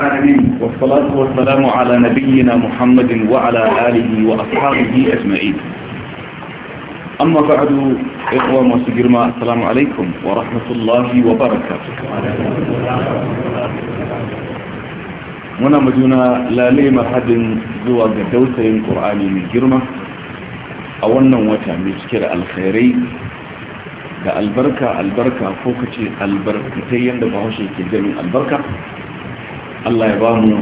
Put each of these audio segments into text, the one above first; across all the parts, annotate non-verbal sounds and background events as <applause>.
العالمين والصلاة والسلام على نبينا محمد وعلى آله وأصحابه أجمعين أما بعد إخوة وسجرما السلام عليكم ورحمة الله وبركاته muna majuna lalema hadin zuwa ga dausayin ƙur'ani mai girma a wannan wata mai cike da alkhairai da albarka albarka ko kace albarkatai yadda bahaushe ke jamin albarka Allah ya ba mu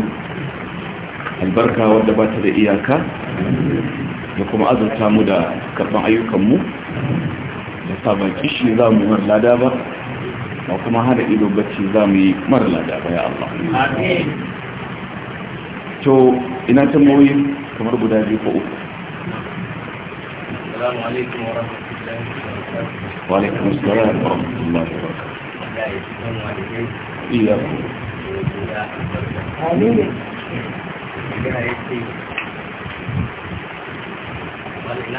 albarka wadda ba ta da iyaka da kuma azurta mu da karban ayyukanmu da sabon kishi za mu mara lada ba ba kuma hada ido bacci za mu yi mara lada ba ya Allah to ina ta mawuyi kamar guda biyu ko uku Wa عليكم ورحمة الله وبركاته وعليكم السلام ورحمة الله وبركاته إياكم Amin. Yana yake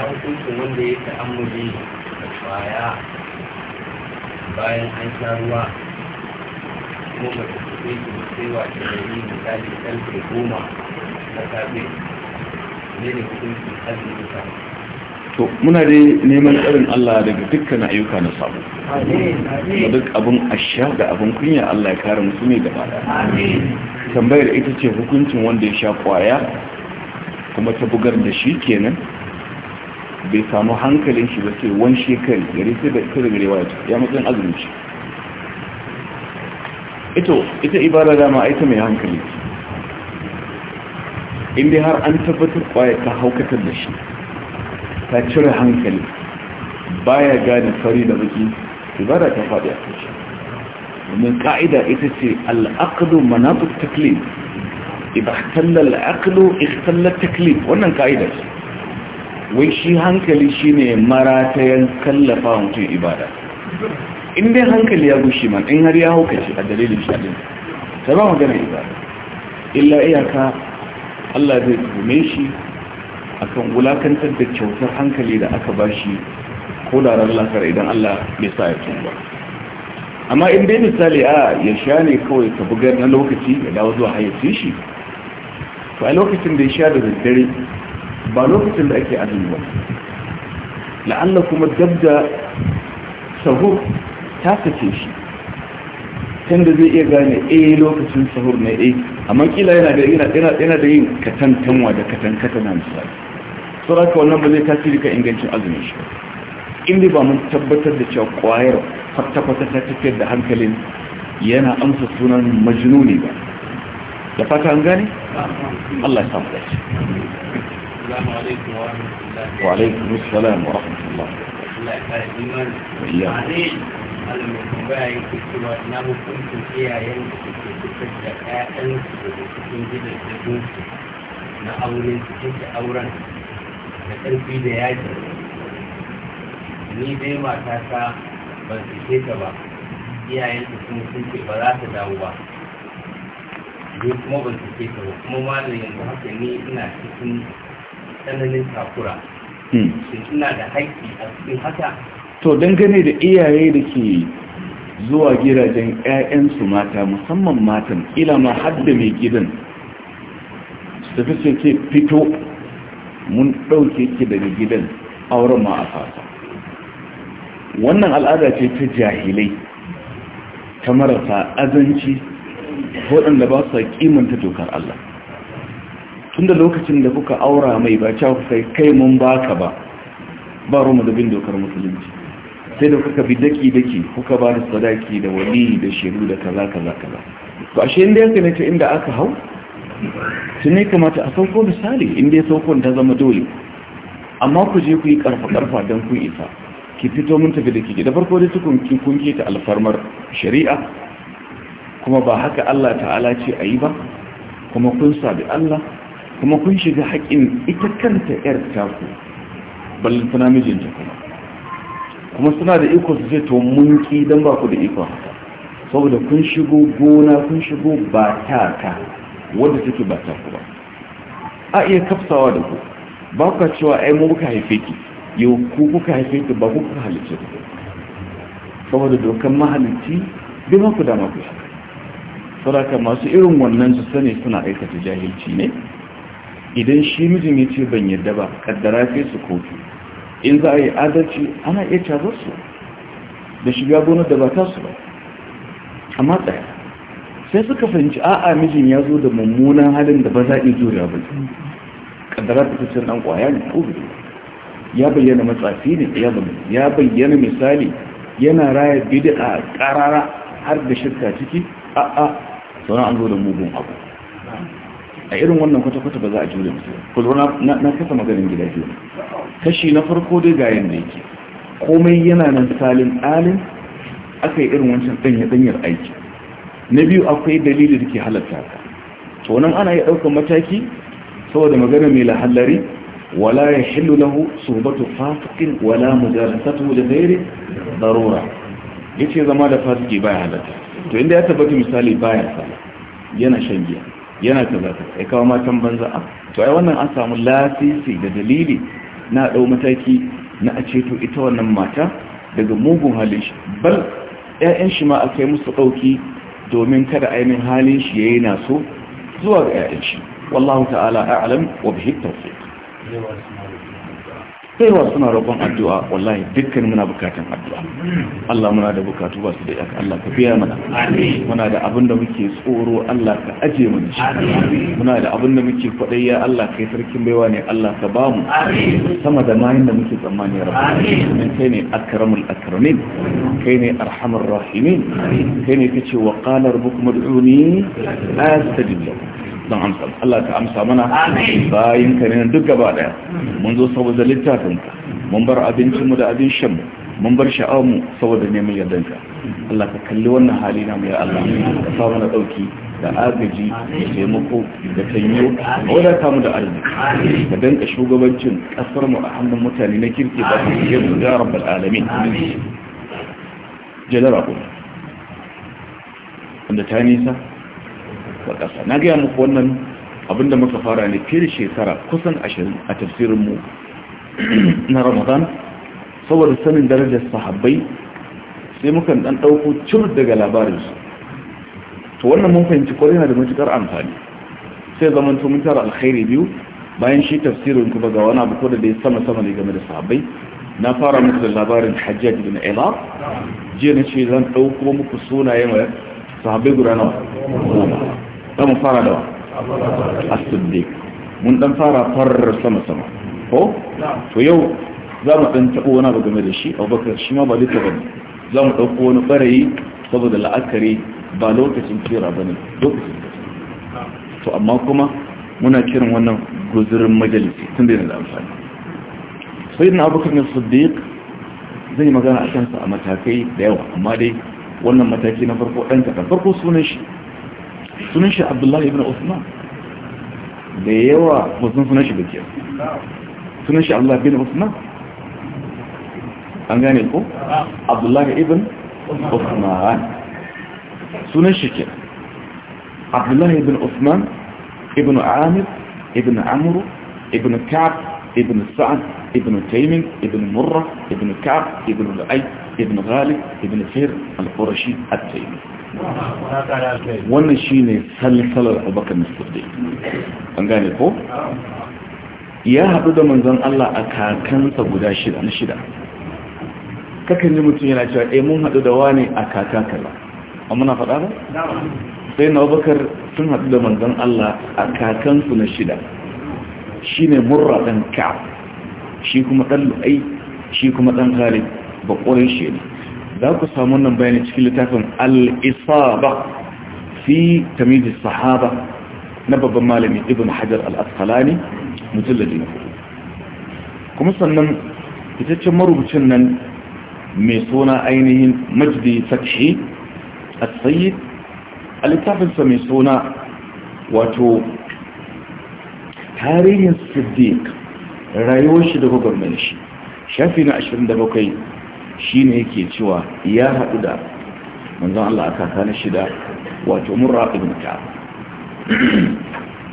hukuncin wanda ya ta'ammuli da kwaya bayan an sha ruwa kuma mace ta ce sai mutewa ta yi misali karfe goma na safe ne ne hukuncin azumi ta to muna dai neman tsarin Allah daga dukkan ayyuka na sabu da duk abin asha da abin kunya Allah ya kare musu ne gaba da tambayar ita ce hukuncin wanda ya sha kwaya kuma ta bugar da shi kenan bai samu hankalin shi ba sai wani shekari gari sai da kare gare waya ya matsayin azumin shi ito ita ibada dama aita mai hankali inda har an tabbatar kwaya ta haukatar da shi ta cire hankali Ba ya gane fari da baki ibada ta faɗi a kashi domin ka'ida ita ce al'aqdu manaqut taklif idan talla al'aqlu ikhtalla taklif wannan ka'ida ce wai shi hankali shine maratayan kallafa mutum ibada in dai hankali ya gushi man in har ya hauka shi a dalilin shaɗin sai ba magana ibada illa iyaka Allah zai tume shi akan wulakantar da kyautar hankali da aka bashi ko da ran lafar idan Allah bai sa ya tumba amma in dai misali a ya sha ne kawai ka bugar na lokaci ya dawo zuwa hayyace shi to a lokacin da ya sha da daddare ba lokacin da ake azumi ba la'alla kuma dab da sahur ta kace shi can da zai iya gane eh lokacin sahur ne eh amma kila yana da yana da yin katantanwa da katankata na misali sauraka wannan ba zai tasiri kan ingancin azumin shi inda ba mun tabbatar da cewa kwayar kwata-kwata ta tafiyar da hankalin yana amsa sunan majinuni ba da fata an gane? Allah ya samu dace wa alaikum wa rahmatullah na hukuncin aure cikin da auren da ƙarfi da yaƙi ni dai mata ta ban sake ta ba iyayen kuma sun ce ba za ta dawo ba ni kuma ban sake ta ba kuma ma da yanzu haka ni ina cikin tsananin takura hmm. shin ina da haƙƙi a cikin haka to dangane da iyaye da ke zuwa gidajen 'ya'yansu mata musamman matan ila ma hadda mai gidan su tafi sai fito mun ɗauke ki daga gidan auren ma a fata wannan al'ada ce ta jahilai ta marasa azanci waɗanda ba su kimanta dokar Allah tun da lokacin da kuka aura mai ba ca kuka kai mun baka ba ba roma da bin dokar musulunci sai da kuka bi daki-daki kuka ba da sadaki da wali da shiru da kaza kaza kaza ba shi inda yanka ne ta inda aka hau su ne kamata a sauko misali inda ya saukon ta zama dole amma ku je ku yi karfa-karfa don kun isa ki fito mun tafi da kike da farko dai tukun kun ta alfarmar shari'a kuma ba haka Allah ta'ala ce a yi ba kuma kun sabi Allah kuma kun shiga haƙin ita kanta 'yar taku ballin suna mijinta kuma kuma suna da iko su zai to mun ki don ba ku da iko haka saboda kun shigo gona kun shigo ba ta ta wadda take ba ta ku ba a iya kafsawa da ku ba ku cewa ai mu muka haife ki yau ku kuka haife ki ba ku kuka halice ku saboda dokan mahalicci bai ma ku dama ku saboda masu irin wannan su sani suna aikata jahilci ne idan shi mijin ya ce ban yarda ba kaddara kai su kotu in za a yi adalci ana iya cazarsu. su da shiga gona da ba ta su ba amma tsaya sai suka fahimci a'a mijin ya zo da mummunan halin da ba za a iya jure ba kaddara ta cikin dan kwaya ne ko ya bayyana matsafi ne ya bayyana ya bayyana misali yana raya bid'a karara har da shirka ciki a'a sauran an zo da mugun abu a irin wannan kwata-kwata ba za a jure mutu ku zo na kasa maganin gida biyu kashi na farko dai ga yin yake komai yana nan salin alin aka yi irin wancan ɗanyar aiki na biyu akwai dalili da ke halatta ka to nan ana yi ɗaukar mataki saboda magana mai lahallari wala ya shillu lahu suhbatu fasikin wala mujalasatu da ghairi darura yace zama da fasiki baya halatta to inda ya tabbata misali baya sala yana shan giya yana tabbata ya kawo matan banza to ai wannan an samu lasisi da dalili na ɗau mataki na a ceto ita wannan mata daga mugun halin shi bal 'ya'yan shi ma a kai musu ɗauki domin kada ainihin halin shi ya yi so zuwa ga ƴaƴan shi wallahu ta'ala a'lam wa bihi tawfiq yawa suna roƙon addu'a wallahi dukkan muna bukatan addu'a Allah muna da bukatu ba su da yaka Allah ka biya mana muna da abin da muke tsoro Allah ka aje mana shi muna da abin da muke kwadayya Allah kai sarkin baiwa ne Allah ka ba mu sama da mayin da muke tsammani ya rabu min kai ne akramul akramin kai ne arhamar rahimin kai ne kace wa qala rabbukum ud'uni astajib lakum don amsa Allah ka amsa mana bayin ka ne duk gaba daya mun zo saboda littafin ka mun bar abincinmu mu da abin shan mu mun bar sha'awar mu saboda neman yardanka Allah ka kalli wannan hali na mu ya Allah ka sa mana dauki da agaji da taimako da tanyo a wadata mu da arziki da danka shugabancin kasar mu a hannun mutane na kirki ba su yi su ya rabbal alamin jalara kuma wanda ta nisa ƙasa na gaya muku wannan abinda muka fara ne fiye da shekara kusan ashirin a tafsirinmu <clears throat> na ramadan saboda sanin darajar sahabbai sai muka ɗan ɗauko cur daga labarinsu to wannan mun fahimci kwarai yana da matuƙar amfani sai zaman to mun tara alkhairi biyu bayan shi tafsirin kuma ga wani abu ko da dai sama sama ne game da sahabbai na fara muku da labarin hajjaj ibn ila jiya na ce zan ɗauko muku sunayen sahabbai guda nawa zamu fara da as-siddiq mun dan fara farar sama sama ko to yau za mu dan taɓo wani abu game da shi Abubakar shi ma ba ne. Za mu ɗauko wani ɓarayi saboda la'akari ba lokacin kira ne lokacin to amma kuma muna kiran wannan guzurin majalisi tun da da amfani sai na abokan na siddiq zai magana a kansa a matakai da yawa amma dai wannan mataki na farko ɗan kaɗan farko sunan shi sunan shi abdullahi ibn usman da yawa musulun sunan shi gajiya sunan shi abdullahi ibn usman an gane ko abdullahi ibn usman sunan shi ke abdullahi ibn usman ibn amir ibn amuru ibn ka'ab ibn sa'ad ابن تيم ابن مرة ابن كعب ابن لؤي ابن غالب ابن فهر القرشي التيمي wannan shi ne salisalar abokan musulmi an gane ko ya haɗu da manzon Allah a kakansa guda shida na shida kakan ji mutum yana cewa eh mun haɗu da wani a kakakala a muna faɗa ba sai na abokar sun haɗu da manzon Allah a kakansu na shida shi ne murra ɗan ka shi kuma ɗan lu'ai shi kuma ɗan khalid ba ƙorin shi ne za ku samu wannan bayani cikin littafin al-isaba fi tamizis sahaba na babban malami ibn hajar al-asqalani mujalladi na kuma sannan fitaccen marubucin nan mai suna ainihin majdi fathi as a littafinsa mai suna wato tarihin siddiq rayuwar shi da gwagwarmar shi shafi na 27 Shi ne yake cewa ya haɗu da manzon Allah a kaka na shida wato murra ibn ka'ab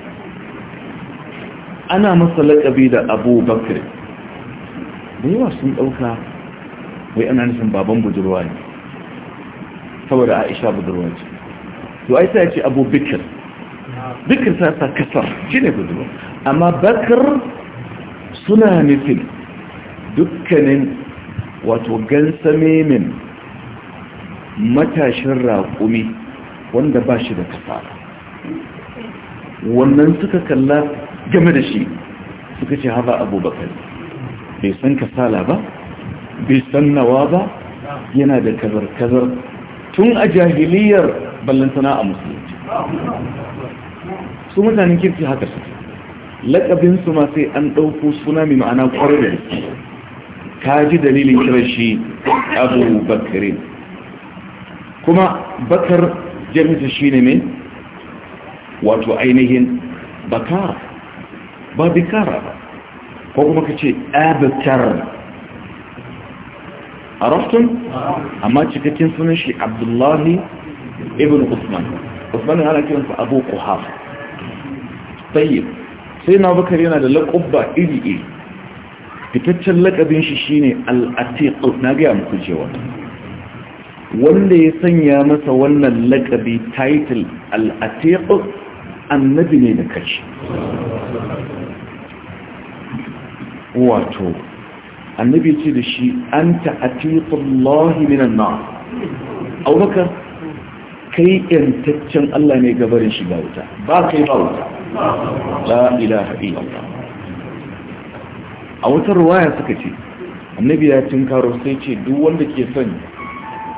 <clears throat> ana masa laƙabi da abu bakir da yawa sun ɗauka wai ana nufin baban budurwa ne saboda aisha budurwa ce to ai sai ce abu bikir bikir ta kasar shi ne budurwa amma bakir suna nufin dukkanin wato gansamemin matashin raƙumi wanda ba shi da kafara wannan suka kalla game da shi suka ce haza abubakar bai san kasala ba bai san nawa ba yana da kazar-kazar tun a jahiliyar ballantana a musulunci su mutanen kirki haka su laƙabinsu ma sai an ɗauko suna mai ma'ana ƙwararriki ka ji dalilin kiran shi abu bakarin kuma bakar jami'ta shi ne mai wato ainihin bakara ba bikara ba ko kuma ka ce abakar a raftun amma cikakken sunan shi abdullahi ibn usman usman yana kiransa abu kuhaf sai sai na bakar yana da laƙubba iri-iri fitaccen lakabin shi shine al-atiq na ga muku cewa wanda ya sanya masa wannan lakabi title al-atiq annabi ne da kace wato annabi ce da shi anta atiqullahi minan na auraka kai yantaccen Allah ne gabarin shiga wuta ba kai ba wuta la ilaha illallah a wata ruwaya suka ce annabi ya karo sai ce duk wanda ke son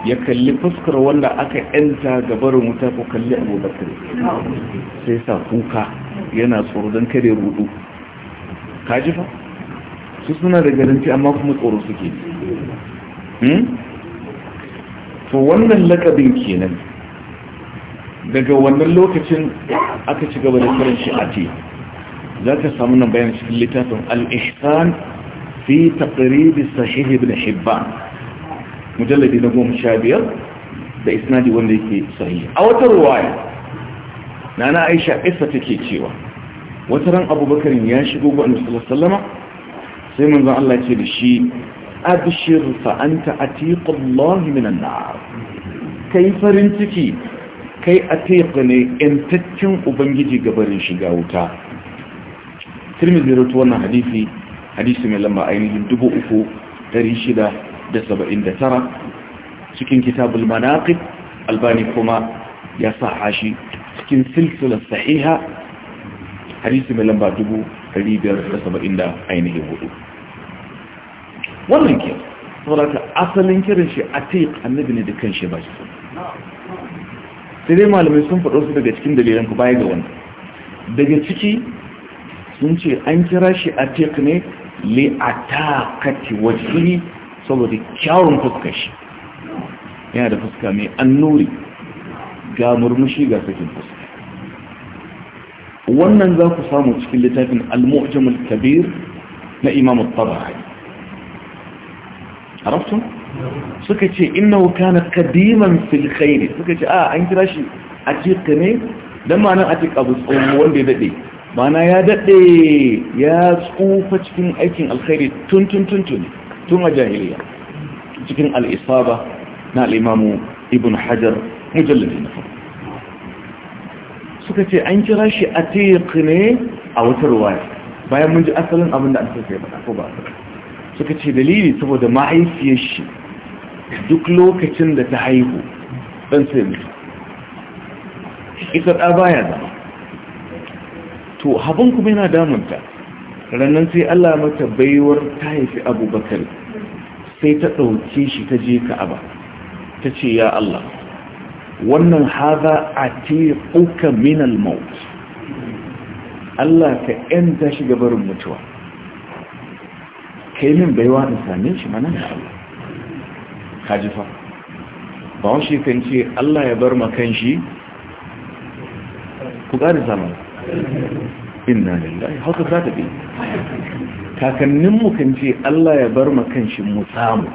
ya kalli fuskar wanda aka yanta gabarin wuta ko kalli abu abubakar sai sa kuka yana tsoro don kare rudu ji fa su suna da garanti amma kuma tsoro suke hmm? to wannan lakabin kenan daga wannan lokacin aka ci gaba da kiran shi a teku za ka samu nan bayan cikin littafin Al'ihsan ihsan fi taqribi sahih ibn hibban mujalladi na goma sha biyar da isnadi wanda yake sahihi a wata ruwaya nana aisha isa take cewa wata ran abubakar ya shigo ga annabi sallallahu sai manzan Allah ce da shi abshir fa anta atiqu Allah minan kai farin ciki kai atiq ne intaccin ubangiji gabarin shiga wuta tirmidhi rawaito wannan hadisi hadisi mai lamba ainihin 3679 cikin kitabul manaqib albani kuma ya sa hashi cikin silsilar sahiha hadisi mai lamba 570 ainihin hudu wannan ke saurata asalin kirin shi a taik annabi ne da kan shi ba shi sai dai malamai sun faɗo su daga cikin dalilan ku baya ga wannan daga ciki sun ce an kira shi a tek ne li a takati saboda kyawun fuska shi yana da fuska mai annuri ga murmushi ga sakin fuska wannan za ku samu cikin littafin al-mu'jamul kabir na imam al-tabari arabtum suka ce innahu kana qadiman fil suka ce a ah, an kira shi a tek ne ma nan a tek abu tsohon wanda ya dade mana ya daɗe ya tsufa cikin aikin alkhairi tun tun tun tun tun a jahiliya cikin al'isaba na al'imamu ibn hajar mujallabi na farko suka ce an kira shi a teku ne a wata ruwaya bayan mun ji asalin abin da an sauka sai ko ba suka ce dalili saboda mahaifiyar shi duk lokacin da ta haihu ɗan sai mutu ita ɗa baya zama to habon kuma yana damunta rannan sai Allah mata baiwar ta haifi abubakar sai ta ɗauke shi ta je ka'aba ta ce ya Allah wannan haza a tekuka minal maut Allah ka ‘yanta shi gabarin mutuwa kai min baiwa da same shi mana ya Allah kaji fa ba wasu kan ce Allah ya bar makan shi ku ƙari zamanin inna lillahi hausa za ta bi kakanninmu kan ce Allah ya bar kan shi mu samu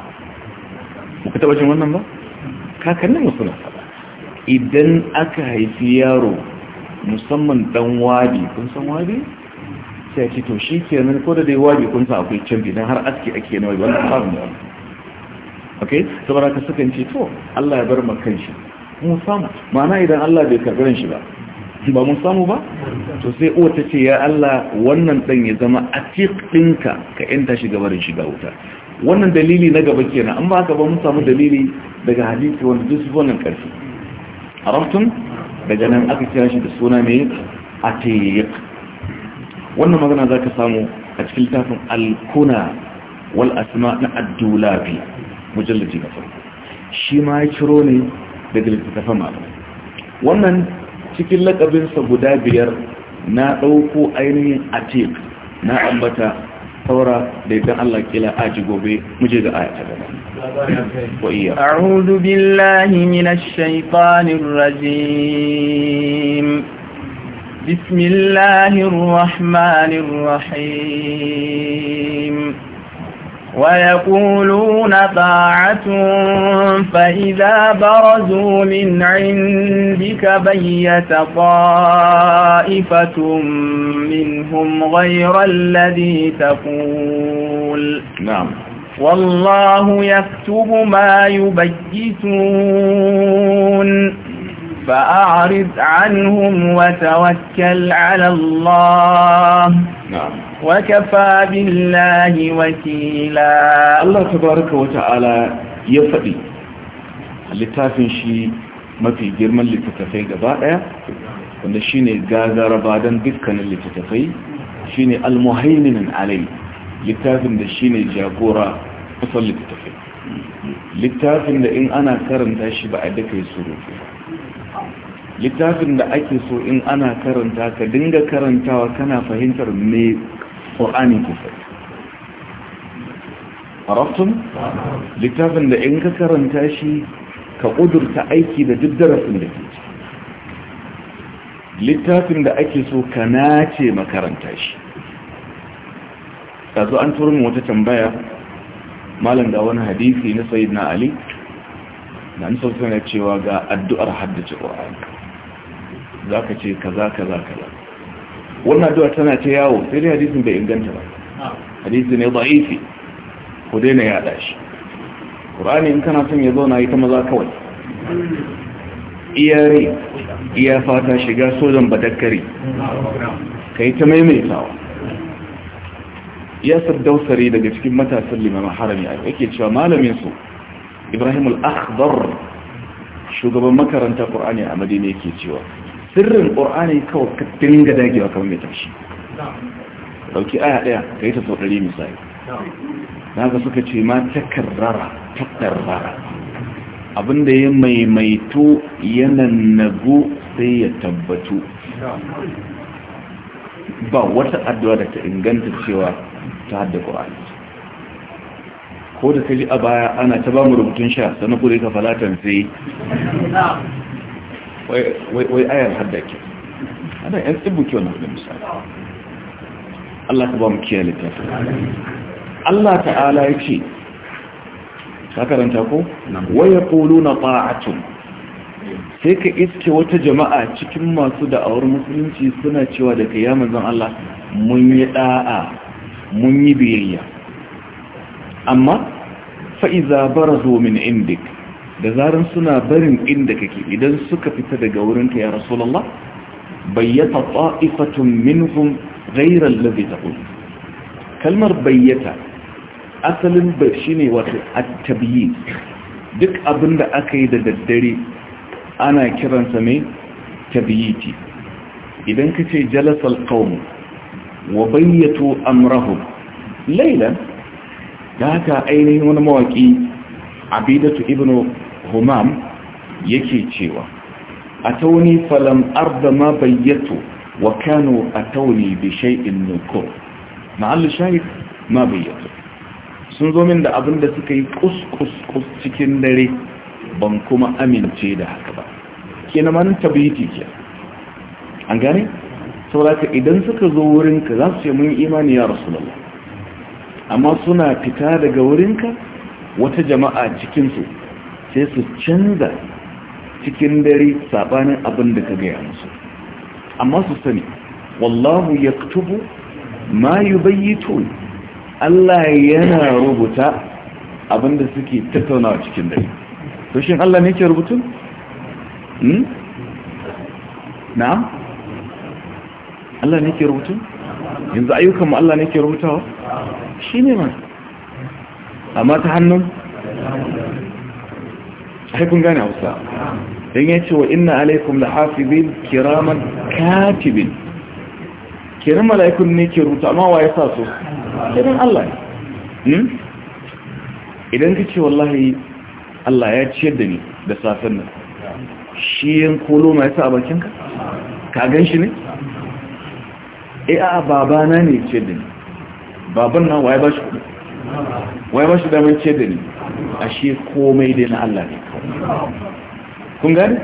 muka taba jin wannan ba kakanninmu suna faɗa idan aka haifi yaro musamman dan wabi kun san wabi sai ce to shi ke nan ko da dai wabi kun san akwai canfi don har aski ake na wannan samun da ok saboda ka sukan ce to Allah ya bar kan shi mu samu ma'ana idan Allah bai karɓi shi ba shi ba mun samu ba to sai uwa ta ce ya Allah wannan dan ya zama atiq dinka ka inda shi gabarin shiga wuta wannan dalili na gaba kenan an ba ka ba mun samu dalili daga hadisi wanda duk wannan karfi arantum daga nan aka kira shi da suna mai atiq wannan magana zaka samu a cikin littafin al-kuna wal asma na ad-dulabi mujalladi na farko shi ma ya ciro ne daga littafin malamai wannan cikin lakabinsa guda biyar na ɗauko ainihin atik na ambata saura da idan Allah kila aji gobe muje ga aya ta gaba أعوذ بالله من الشيطان الرجيم ويقولون طاعة فإذا برزوا من عندك بيت طائفة منهم غير الذي تقول نعم والله يكتب ما يبيتون فأعرض عنهم وتوكل على الله نعم وكفى بالله وكيلا الله تبارك وتعالى يفدي littafin shi mafi girman littattafai gaba daya wanda shine gagara badan dukkanin littattafai shine almuhaiminin alai littafin da shine jagora kusan littattafai littafin da in ana karanta shi ba a daka yi surutu littafin da ake so in ana karanta ka dinga karantawa kana fahimtar me ƙorani ke sai arabtun littafin da in ka karanta shi ka ƙudurta aiki da duk darasin da ke littafin da ake so ka nace makaranta shi ɗazu an turmi wata tambaya malam da wani hadisi na sayid na ali na an cewa ga addu'ar haddace ƙwa'ani za ka ce kaza kaza kaza wannan addu'a tana ta yawo sai dai hadisin bai inganta ba hadisi ne da'ifi ku daina yaɗa shi ƙur'ani in kana son ya zauna ita maza kawai iya rai iya fata shiga sojan badakari. ka yi ta maimaitawa ya saddausari daga cikin matasan limamin harami a yake cewa malamin su ibrahim al-akhbar shugaban makarantar ƙur'ani a madina yake cewa sirrin ƙor'ani kawai ka dinga dagewa kamar mai tashi ɗauki aya ɗaya ka yi ta sau ɗari misali na ga suka ce ma ta karrara ta karrara abinda ya maimaito yanan nago sai ya tabbatu ba wata addu'a da ta inganta cewa ta hadda ƙorani ko da ka ji a baya ana ta ba mu rubutun sha sannan ka falatan sai wai ayar hadda ke ana yan tsibu wani abu da misali Allah ta ba mu kiyaye littafi. Allah ta'ala ya ce ko. karanta ko waya na ta'atun sai ka iske wata jama'a cikin masu da'awar musulunci suna cewa da kiyama zan Allah mun yi da'a mun yi biyayya amma fa'iza bara zo min indik da zarar suna barin inda kake idan suka fita daga wurinka ya rasulullah bayyata ta'ifatun minhum ghayra allazi taqul kalmar bayyata asalin bai shine wato at-tabyin duk abinda aka yi da daddare ana kiransa ne tabyiti idan kace jalasal qawm wa bayyatu amrahum laylan da haka ainihin wani mawaki abidatu ibnu humam yake cewa atawni falam arda ma bayyatu wa kanu atawni bi shay'in nukur ma'al shahid ma bayyatu sun zo min da abin da suka yi kus cikin dare ban kuma amince da haka ba kenan manin tabbiti ke an gane sauraka idan suka zo wurinka za su yi mun imani ya rasulullah amma suna fita daga wurinka wata jama'a cikinsu sai su canza cikin dare sabanin abin da ka gaya musu amma su sani wallahu ya tubu ma yi bayyito Allah yana rubuta abin da suke tattaunawa cikin dare to shin Allah ne ke rubutun? Hmm? na'am? Allah ne ke rubutun? yanzu ayyukanmu Allah ne ke rubutawa? shi ne ma amma ta hannun? haifin gane hausa don ya ce wa ina alaikum da hafibin kiraman katibin kirin mala'ikun ne ke rubuta amma wa ya sa su Idan Allah ne hmm? idan ka ce wallahi Allah ya ciyar da ni da safin nan shi yin kolo ma ya sa a bakinka ka gan shi ne? e eh, a babana ne ciyar da ni baban nan wa ya ba shi damar ciyar da ni a shi komai dai na Allah ne kun gani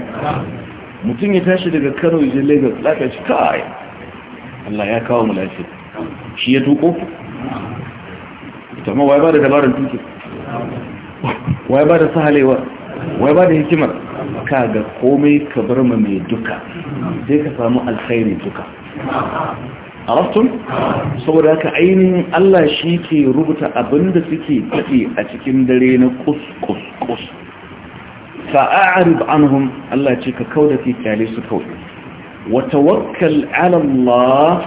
mutum ya tashi daga kano ya lagos lafiya shi kai Allah ya kawo mu lafi shi ya tuko ita ma wai ba da dabarar tuki wai ba da sahalewa wai ba da hikimar ka ga komai ka bar ma mai duka sai ka samu alkhairi duka arabtun saboda haka ainihin Allah shi ke rubuta abinda suke faɗi a cikin dare na kus kus kus fa'arib anhum Allah ce ka kauda fi kyale su kawai wa tawakkal ala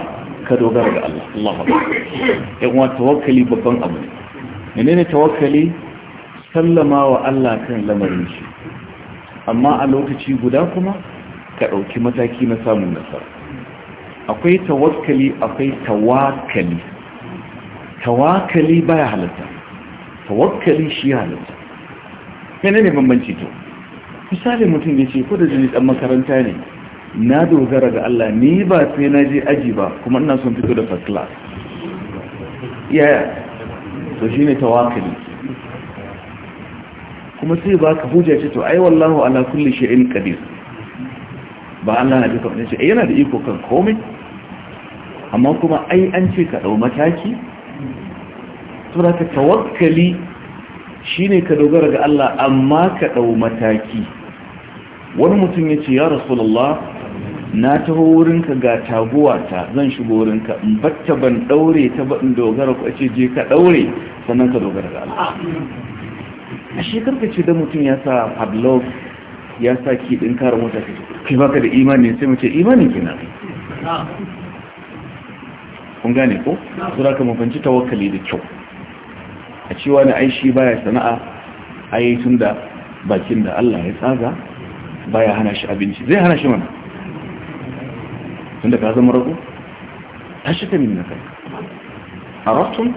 ka dogara ga Allah Allah ya kuma babban abu ne menene tawakali sallama wa Allah kan lamarin shi amma a lokaci guda kuma ka ɗauki mataki na samun nasara akwai tawakkali akwai tawakali tawakali baya halatta tawakali shi halatta menene bambanci to misali mutum ya ce ko da jini dan makaranta ne na dogara ga Allah ni ba sai na je aji ba kuma ina son fito da first class ya to ne tawakkali kuma sai ba ka hujja ce to ai wallahu ala kulli shay'in qadir ba Allah na duka ne ce eh, yana da iko kan komai amma kuma ai an ce ka dau mataki to da ka tawakkali shine ka dogara ga Allah amma ka dau mataki wani mutum ya ce ya rasulullah na taho wurinka ga taguwa ta, zan shigo wurinka in batta ban daure ta ba in dogara ku ce je ka daure sannan ka dogara ga Allah a shekar ka ce da mutum ya sa pavlov ya sa ki din kare mota kai baka da imani sai mu ce imani kina kun gane ko sura ka mu fanci da kyau a cewa na aishi baya sana'a ai tunda bakin da Allah ya tsaga baya hana shi abinci zai hana shi mana tunda ka zama rago ta shi ta na kai a rastun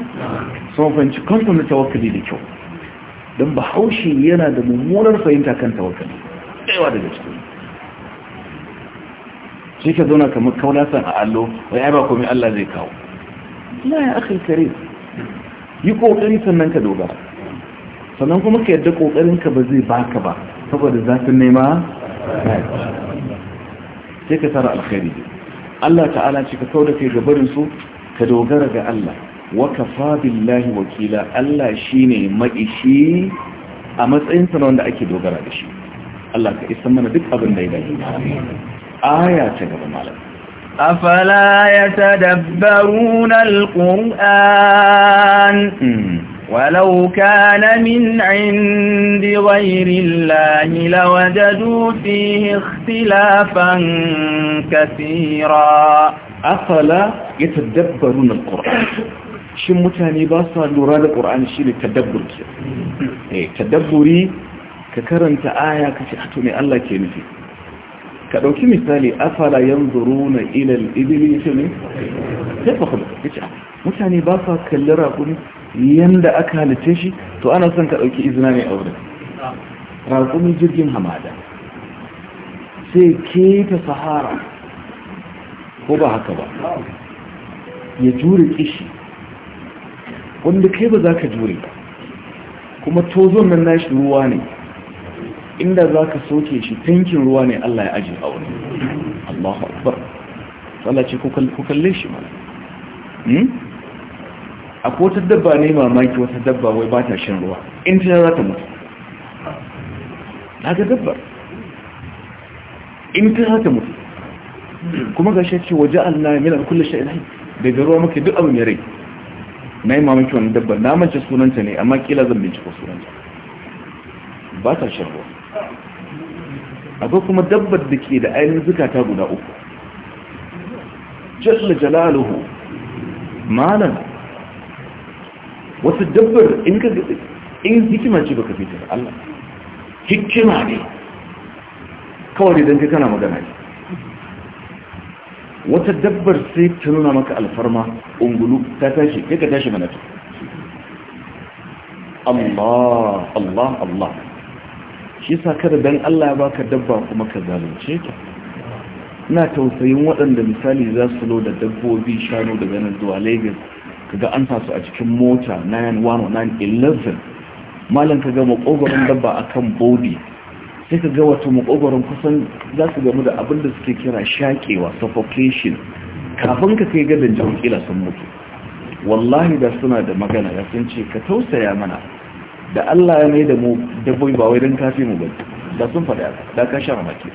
sun fahimci kansu na tawakali da kyau don ba haushi yana da mummunar fahimta kan tawakali daiwa daga cikin shi ka zauna kamar san a allo wai ai ba komai allah zai kawo na ya akai kare yi ƙoƙari sannan ka dogara sannan kuma ka yadda ƙoƙarinka ba zai baka ba saboda zafin nema sai ka tara alkhairi Allah ta'ala ce ka kauda kai gabarin su ka dogara ga Allah wa kafa billahi wakila Allah shine maishi a matsayin sa wanda ake dogara da shi Allah ka isa mana duk abin da ya dace aya ta gaba malam afala yatadabbaruna alquran hmm. ولو كان من عند غير الله لوجدوا فيه اختلافا كثيرا أفلا يتدبرون القرآن شم متاني باصة لراد القرآن الشيء للتدبر إيه، تدبري ككرمت آية كشحتني الله كنفي كدو كمثالي أفلا ينظرون إلى الإبلي كيف أخبرك mutane ba sa kalli raƙumi yadda aka halitta shi to ana son ka ɗauki izina mai aure. raƙumi jirgin hamada sai keta sahara ko ba haka ba ya jure kishi wanda kai ba za ka jure ba kuma tozon nan nashi ruwa ne inda za ka soke shi tankin ruwa ne Allah ya ajiye a wani Allahu Akbar Allah ce shi mana hmm? a wata dabba ne mamaki wata dabba wai ba ta shan ruwa in ta za ta mutu na ga dabbar in ta za ta mutu kuma ga shi ce waje allah milan kulle sha'ilai daga ruwa muke duk abu mai rai na yi mamaki wani dabbar na mace sunanta ne amma kila zan bincika sunanta ba ta shan ruwa akwai kuma dabbar da ke da ainihin zukata guda uku jalla jalaluhu malam wasu dabbar in ka in hikima ce baka fitar Allah hikima ne kawai don ka kana magana ne wata dabbar sai ta nuna maka alfarma ungulu ta tashi kai ka tashi mana Allah Allah Allah shi sa kada dan Allah ya baka dabba kuma ka zalunce ta ina tausayin waɗanda misali za su lo da dabbobi shanu daga nan zuwa Lagos kaga an sa su a cikin mota 911 malam kaga makogoron dabba akan bodi sai kaga wata makogoron kusan za su gamu da abin da suke kira shakewa suffocation kafin ka kai gadon kila sun mutu wallahi da suna da magana ya sun ce ka tausaya mana da Allah ya mai da mu ba wai don kafi mu ba da sun faɗa da ka sha mamaki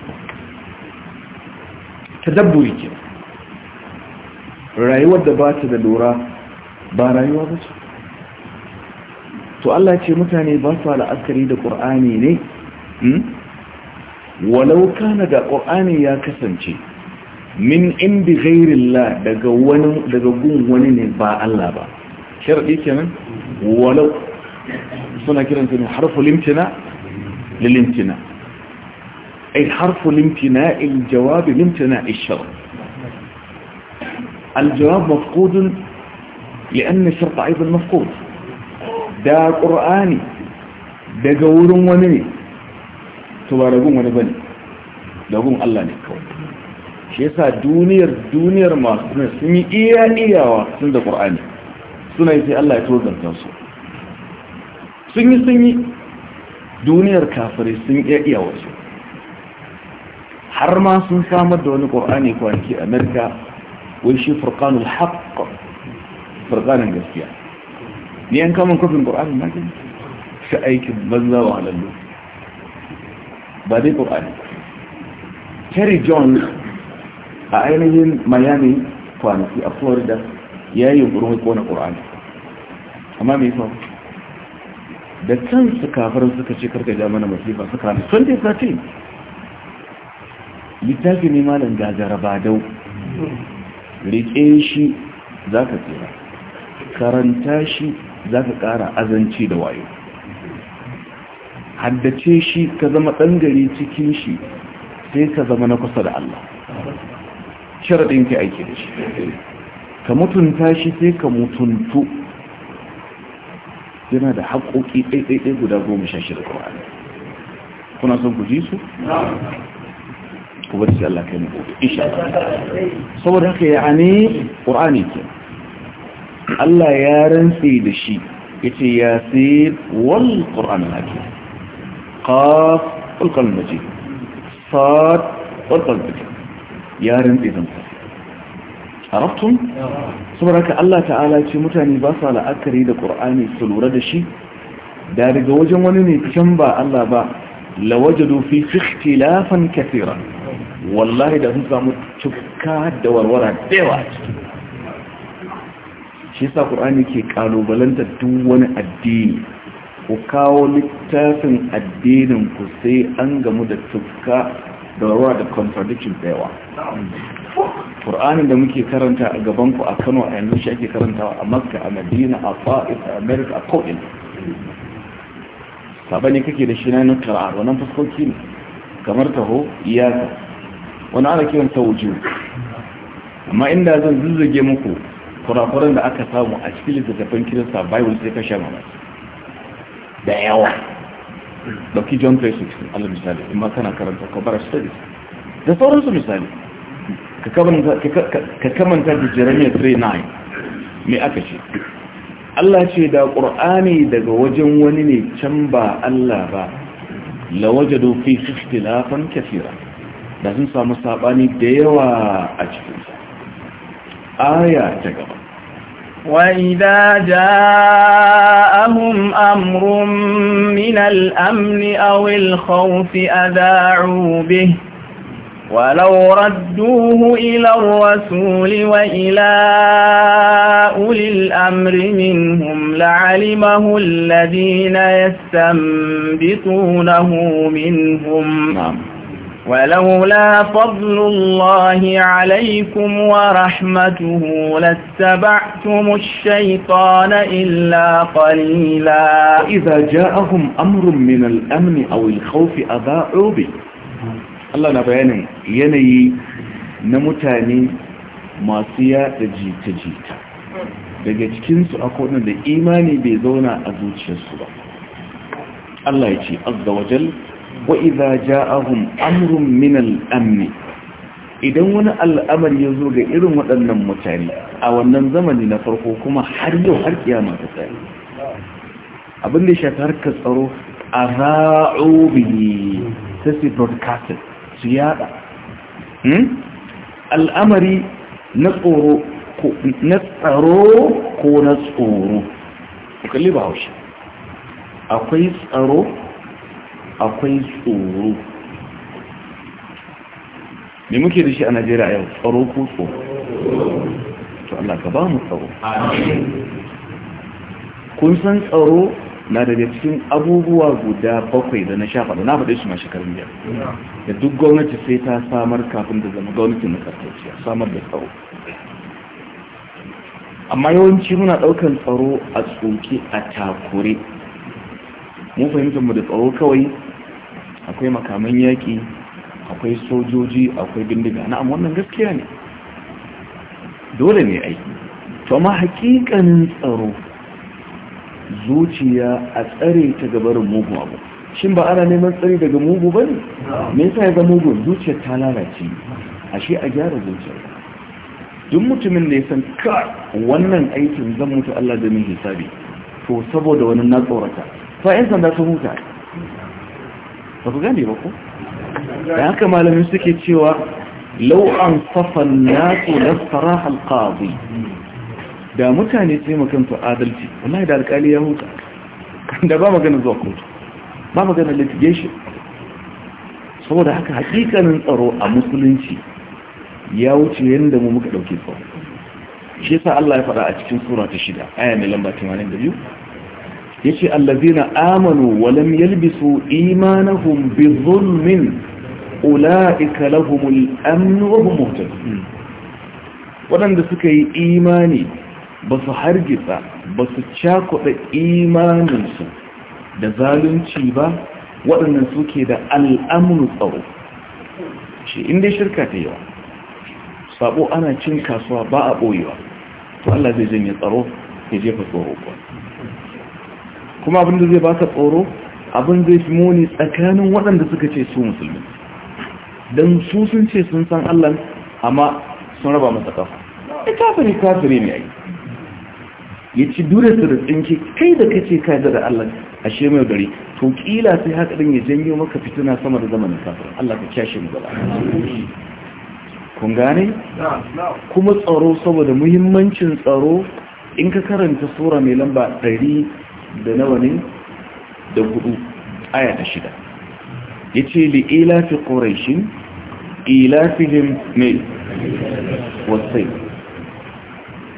tadabburi ke rayuwar da ba ta da lura ba rayuwa ba ce to Allah ce mutane ba su la'akari da ƙur'ani ne walau kana da ƙur'ani ya kasance min indi ghairillah daga wani daga gun wani ne ba Allah ba sharadi kenan walau suna kiransa ne harfu limtina lilimtina ay harfu limtina al jawab limtina al shar al jawab mafqud لأن الشرق أيضا مفقود دا قرآني دا قول ومني تبارقون ونبني لقوم الله نكوي shi yasa duniyar duniyar masu suna iya iyawa sun da ƙur'ani suna yi sai Allah ya tozarta su sun duniyar kafirai sun iya iyawa su har ma sun samar da wani ƙur'ani kwanaki amerika wai shi furkanul haƙƙa furqanin gaskiya ni an kamun kofin qur'ani na gani shi aikin banza wa halallu ba dai qur'ani Terry John a ainihin Miami kwanaki a Florida ya yi yunkurin kona ƙorani amma mai sau da can su kafar suka ce karka ja mana masifa suka hannu 2013 littafi ne malin gajara ba dau riƙe shi za ka tsira karanta shi za ka ƙara azanci da wayo haddace shi ka zama ɗangare cikin shi sai ka zama na kusa da Allah sharaɗin ke aiki da shi ka mutunta shi sai ka mutuntu yana da haƙoƙi ɗaiɗaiɗai guda goma sha da ƙwa'ani kuna son ku ji su? ku bar shi Allah kai gobe Isha, saboda haka ya ne ƙwa'ani ke Allah ya rantse da shi yace yasir wal qur'an hakim qaf wal qalb majid sad wal qalb majid ya rantse zan arabtum saboda Allah ta'ala ce mutane ba sa la'akari da qur'ani su lura da shi da daga wajen wani ne can ba Allah ba lawajadu fi ikhtilafan kathira wallahi da sun samu tukka da warwara da yawa cikin shi sa ƙur'ani ke ƙalubalanta duk wani addini ku kawo littafin addinin ku sai an gamu da tufka da ruwa da contradiction daya ƙur'anin da muke karanta a gabanku a kano a yanzu shi ake karantawa a makka a madina a fa'is a america a ko'in sabani kake da shi na yin kara'ar wannan fuskoki ne kamar taho iyaka wani ana kiran ta amma inda zan zuzzage muku kurakuran da aka samu a cikin littattafan kirista bible sai ka mamaki da yawa dauki john 3:16, cikin allah misali in ma kana karanta kabar studies da sauransu misali ka kamanta da jeremiah 3:9 mai aka ce allah ce da ƙur'ani daga wajen wani ne can ba allah ba La waje dofi 50 lafan kafira da sun samu saɓani da yawa a cikinsa aya وإذا جاءهم أمر من الأمن أو الخوف أذاعوا به ولو ردوه إلى الرسول وإلى أولي الأمر منهم لعلمه الذين يستنبطونه منهم نعم ولولا فضل الله عليكم ورحمته لاتبعتم الشيطان إلا قليلا إذا جاءهم أمر من الأمن أو الخوف أضاعوا به الله نبيانه يني نمتاني ماسيا تجي تجي daga cikinsu akwai da imani bai zauna a zuciyarsu ba Allah ya ce azza wajal ja'ahum amrun min al-amn idan wani al'amari ya zo ga irin waɗannan mutane a wannan zamani na farko kuma har yau har kiyama ta tsari abin da shafi ka tsaro a ra'obi ta si su yada hmm? al'amari na tsoro ko na tsoro kalli ba akwai tsaro akwai tsoro me muke da shi a najeriya yau tsaro ko tsoro to allah ka ba mu tsaro kun san tsaro na daga cikin abubuwa guda bakwai da na sha faɗo. na faɗe su ma shekarun biyar da duk gwamnati sai ta samar kafin da zama gwamnati na karfafiya samar da tsaro amma yawanci muna ɗaukar tsaro a tsoke a takure mu fahimtar mu da tsaro kawai akwai makaman yaƙi akwai sojoji akwai bindiga na'am wannan gaskiya ne dole ne ai to ma hakikanin tsaro zuciya a tsare ta gabarin mugun abu shin ba ana neman tsari daga mugu ba ne me yasa ya ga mugun zuciyar ta lalace ashe a gyara zuciya duk mutumin da ya san ka wannan aikin zan mutu Allah da min hisabi to saboda wani na tsorata fa yan sanda sun huta ba ku gane ba ku da haka malamin suke cewa lau an safan nasu da faraha alƙazi da mutane sai makanta adalci wani da alƙali ya huta da ba magana zuwa kotu ba magana litigation saboda haka hakikanin tsaro a musulunci ya wuce yadda mu muka ɗauke tsaro shi sa Allah ya faɗa a cikin sura ta shida aya mai lamba 82 yace allazina amanu wa lam yalbisu imanahum bi dhulmin ulaika lahumul amn wa hum muhtadun wadanda suka yi imani ba su hargitsa ba su cakuɗa imaninsu da zalunci ba waɗannan suke da al'amunu tsaro shi inda shirka ta yawa sabo ana cin kasuwa ba a ɓoyewa to Allah zai janye tsaro ya jefa tsoro kuwa kuma abin da zai baka tsoro abin zai fi muni tsakanin waɗanda suka ce su musulmi don su sun ce sun san Allah amma sun raba masa kafa ya kafiri kafiri ne ai ya ci dure su da tsinke kai da kace kai da Allah ashe mai dare to ƙila sai haka din ya janyo maka fituna sama da zamanin kafir Allah ka kyashe mu gaba kun gane kuma tsaro saboda muhimmancin tsaro in ka karanta sura mai lamba dari. da nawa ne da gudu aya ta shida ya ce li ilafi ƙorashin ilafihim mai wasai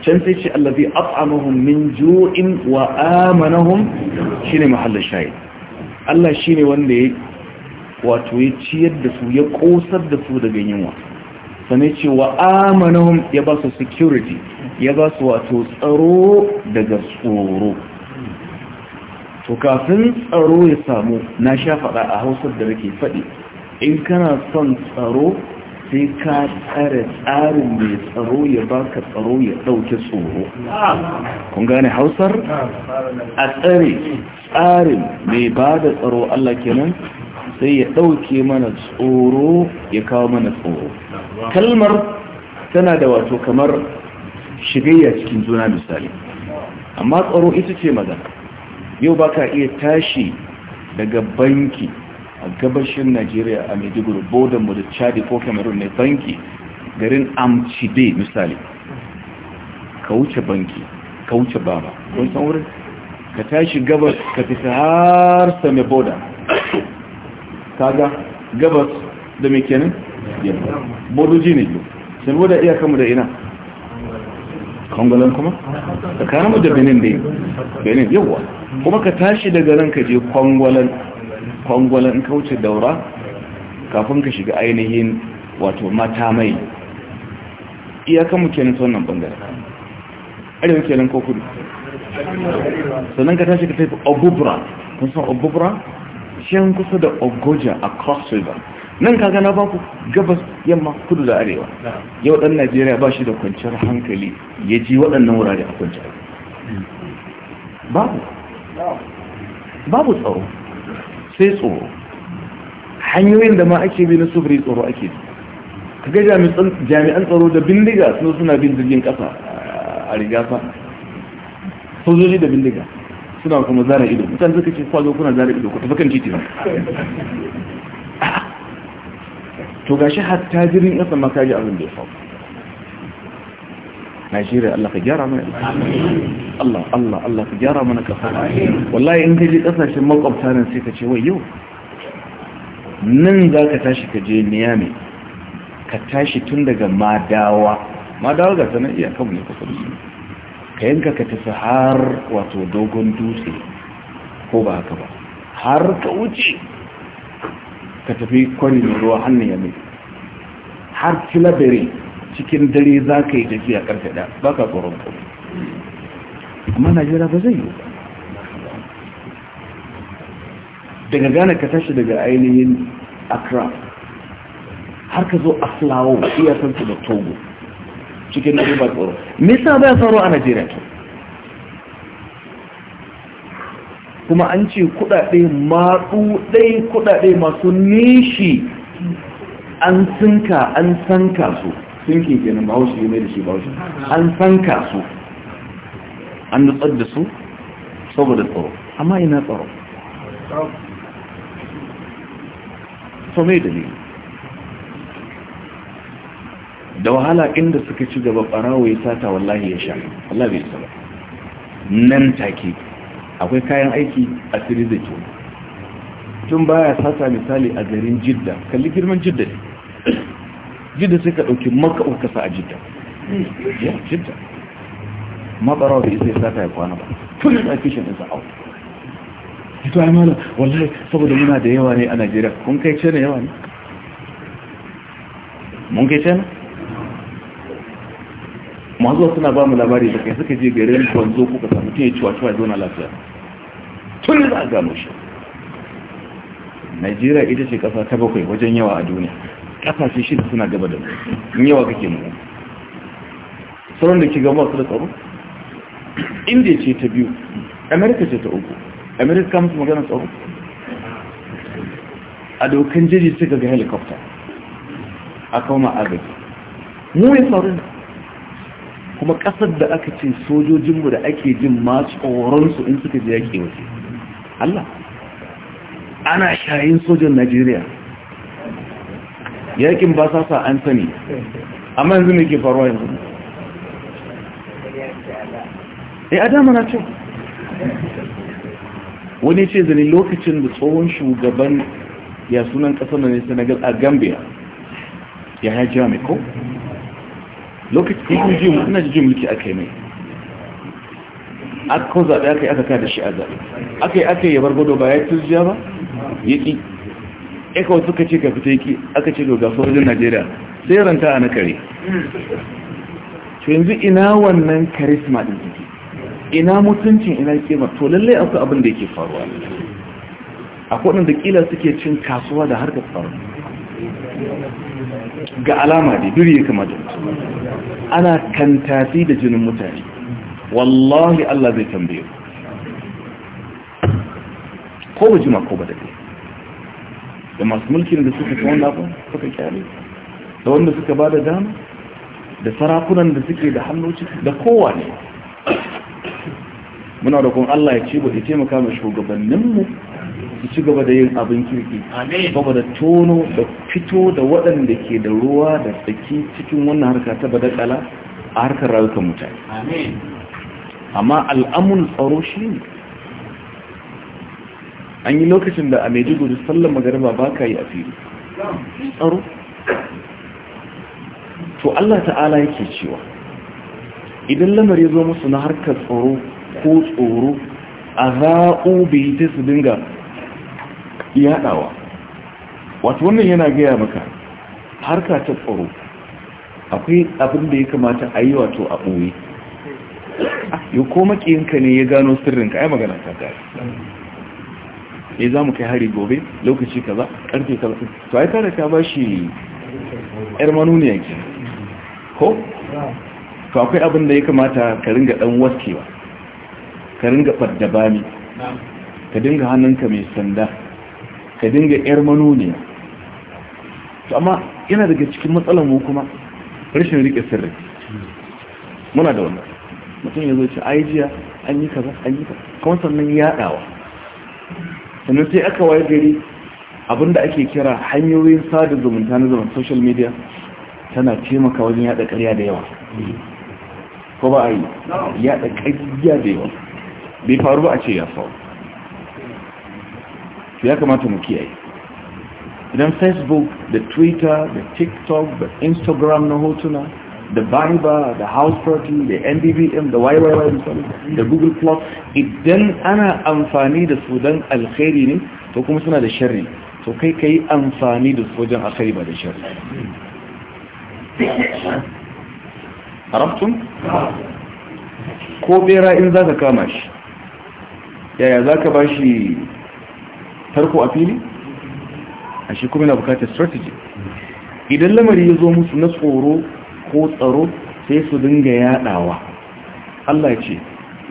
can sai ce allafi af'amahum min ju'in wa amanahum shine mahallar shayi Allah ne wanda ya wato ya ciyar da su ya kosar da su daga yunwa sanai ce wa amanahum ya ba su security ya ba su wato tsaro daga tsoro to kafin tsaro ya samu na sha faɗa a hausar da nake faɗi in kana son tsaro sai ka tsare tsarin mai tsaro ya baka tsaro ya ɗauke tsoro kun gane hausar a tsare tsarin mai ba da tsaro Allah kenan sai ya ɗauke mana tsoro ya kawo mana tsoro kalmar tana da wato kamar shigayya cikin juna misali amma tsaro ita ce magana yau ba ka iya tashi daga banki a gabashin najeriya a maiduguri bodanmu da chadi ko cameroon ne banki garin amchide misali ka wuce banki ka wuce baba kun san wurin ka tashi gabas ka fita har same boda kaga gabas da mai kenan yamma bodoji ne yau sai boda kama da ina kongolan kuma mu da benin da benin yawwa kuma ka tashi daga nan ka je kwangwalan kwangwalan kauce daura kafin ka shiga ainihin wato matamai iyakan mu kenan son nan bangare arewa kenan ko kudu sannan ka tashi ka tafi obubra kun san obubra shan kusa da ogoja a cross river nan kaga na baku gabas yamma kudu da arewa yau dan najeriya ba shi da kwanciyar hankali ya ji waɗannan wurare a kwanciyar babu babu tsaro sai tsoro hanyoyin da ma ake bi na sufuri tsoro ake bi ga jami'an tsaro da bindiga sun suna bin jirgin kasa a fa sojoji da bindiga suna kuma zara ido mutan suka ce kwazo kuna zara ido ku tafi kan titi to gashi hatta jirgin kasa ma kaji abin da ya faru Najeriya Allah ka gyara mana Allah Allah Allah ka gyara mana kasa wallahi in ka ji kasashen makwabta nan sai ka ce wai yau nan za ka tashi ka je Niamey ka tashi tun daga Madawa Madawa ga sanar iya kan ne kusa da ka yanka ka tafi har wato dogon dutse ko ba haka ba har ka wuce ka tafi kwarin ruwa hannun yamai har tilabere cikin dare za ka yi tafiya karfe ɗaya ba ka tsoron kuma amma najeriya ba zai yi daga gane ka tashi daga ainihin accra har ka zo a flawo iyakansu da togo cikin dare ba tsoro nisa ba ya faru a najeriya to kuma an ce kudade maɗuɗai kudade masu nishi an sinka an sanka su sinki kenan bahaushe ya mai da shi bahaushe an fanka su an nutsar da su saboda tsaro amma ina tsaro so mai dalili da wahala inda suka ci gaba barawo ya sata wallahi ya sha Allah bai saba nan take akwai kayan aiki a siri da tun baya sata misali a garin jidda kalli girman jidda ne jidda sai ka ɗauki maka uka sa a jidda ya jidda matsarawa da isa sai sata ya kwana ba tun da ake shi ɗinsa au ito ai mala wallahi saboda muna da yawa ne a najeriya kun kai ce na yawa ne mun kai ce na mazuwa suna ba mu labari da kai suka je garin kwanzo kuka samu tun ya ciwa ciwa ya zauna lafiya tun da a gano shi najeriya ita ce kasa ta bakwai wajen yawa a duniya shi da suna gaba da in yawa kake mu sauran da ke gaba su da tsaro india ce ta biyu america ce ta uku america ka musu magana tsaro a dokan jeji sai ga helikopta a kawo agaji mu ya tsaro kuma kasar da aka ce sojojinmu da ake jin masu tsoronsu in suka je yaƙi wasu Allah ana shayin sojan Najeriya yakin ba sa sa an sani amma yanzu ne ke faruwa yanzu eh adama na ce wani ce zane lokacin da tsohon shugaban ya sunan kasar da ne senegal a gambia ya wa mai ko lokacin ikon ji ina ji mulki aka yi mai aka zaɓe aka yi aka kada shi a zaɓe aka yi aka yi ya bar gado ba ya turjiya ba ya ƙi ekawai suka ce ka fita yake aka ce ga sojojin najeriya sai ranta a na kare yanzu ina wannan karisma din suke ina mutuncin ina kima to lallai akwai abin da yake faruwa akwai da kila suke cin kasuwa da harkar faru ga alama da duri ya kama ana kantasi da jinin mutane wallahi Allah zai tambaye ko ba jima ko ba da masu mulkin da suka kawo na suka kyale da wanda suka ba da dama da sarakunan da suke da hannu da kowa ne muna da kuma Allah ya ce ba ya taimaka ma shugabanninmu su ci gaba da yin abin kirki gaba da tono da fito da waɗanda ke da ruwa da tsaki cikin wannan harka ta ƙala, a harkar rayukan mutane amma al'amun tsaro shi ne an yi lokacin da a maiduguri sallar magariba ba ka yi a fili tsaro to allah ta'ala yake cewa idan lamar ya zo musu na harkar tsaro ko tsoro a za'u bai ta su dinga yadawa wata wannan yana gaya maka harka ta tsaro akwai abin da ya kamata a yi wato a ɓoye yi ko makiyinka ne ya gano sirrinka ai magana ta gari ne za mu kai hari gobe lokaci kaza karfe kaza to ai kada ka bashi yar manuniyan ki ko to akwai abin da ya kamata ka ringa dan waskewa ka ringa faddabami ka dinga hannunka mai sanda ka dinga yar manuniya to amma yana daga cikin matsalar mu kuma rashin rike sirri muna da wannan mutum ya zo ce ai jiya an yi kaza an yi kaza kuma sannan yaɗawa. sannan sai aka waye gari abinda ake kira hanyoyin sada zumunta na zaman social media tana taimaka wajen yada ƙarya da yawa ko ba a yi yada ƙarya da yawa bai faru ba a ce ya faru ya kamata mu kiyaye idan facebook da twitter da tiktok da instagram na hotuna the Viber, the House Party, the NBBM, da YYY da Google Plus idan ana amfani da su don alkhairi ne to kuma suna da sharri to kai ka yi amfani da su wajen alkhairi ba da sharri haramtun? ko bera in za ka kama shi yaya za ka ba shi tarko a fili? a shi kuma na bukatar strategy idan lamari ya zo musu na tsoro ko tsaro sai su dinga yadawa Allah ce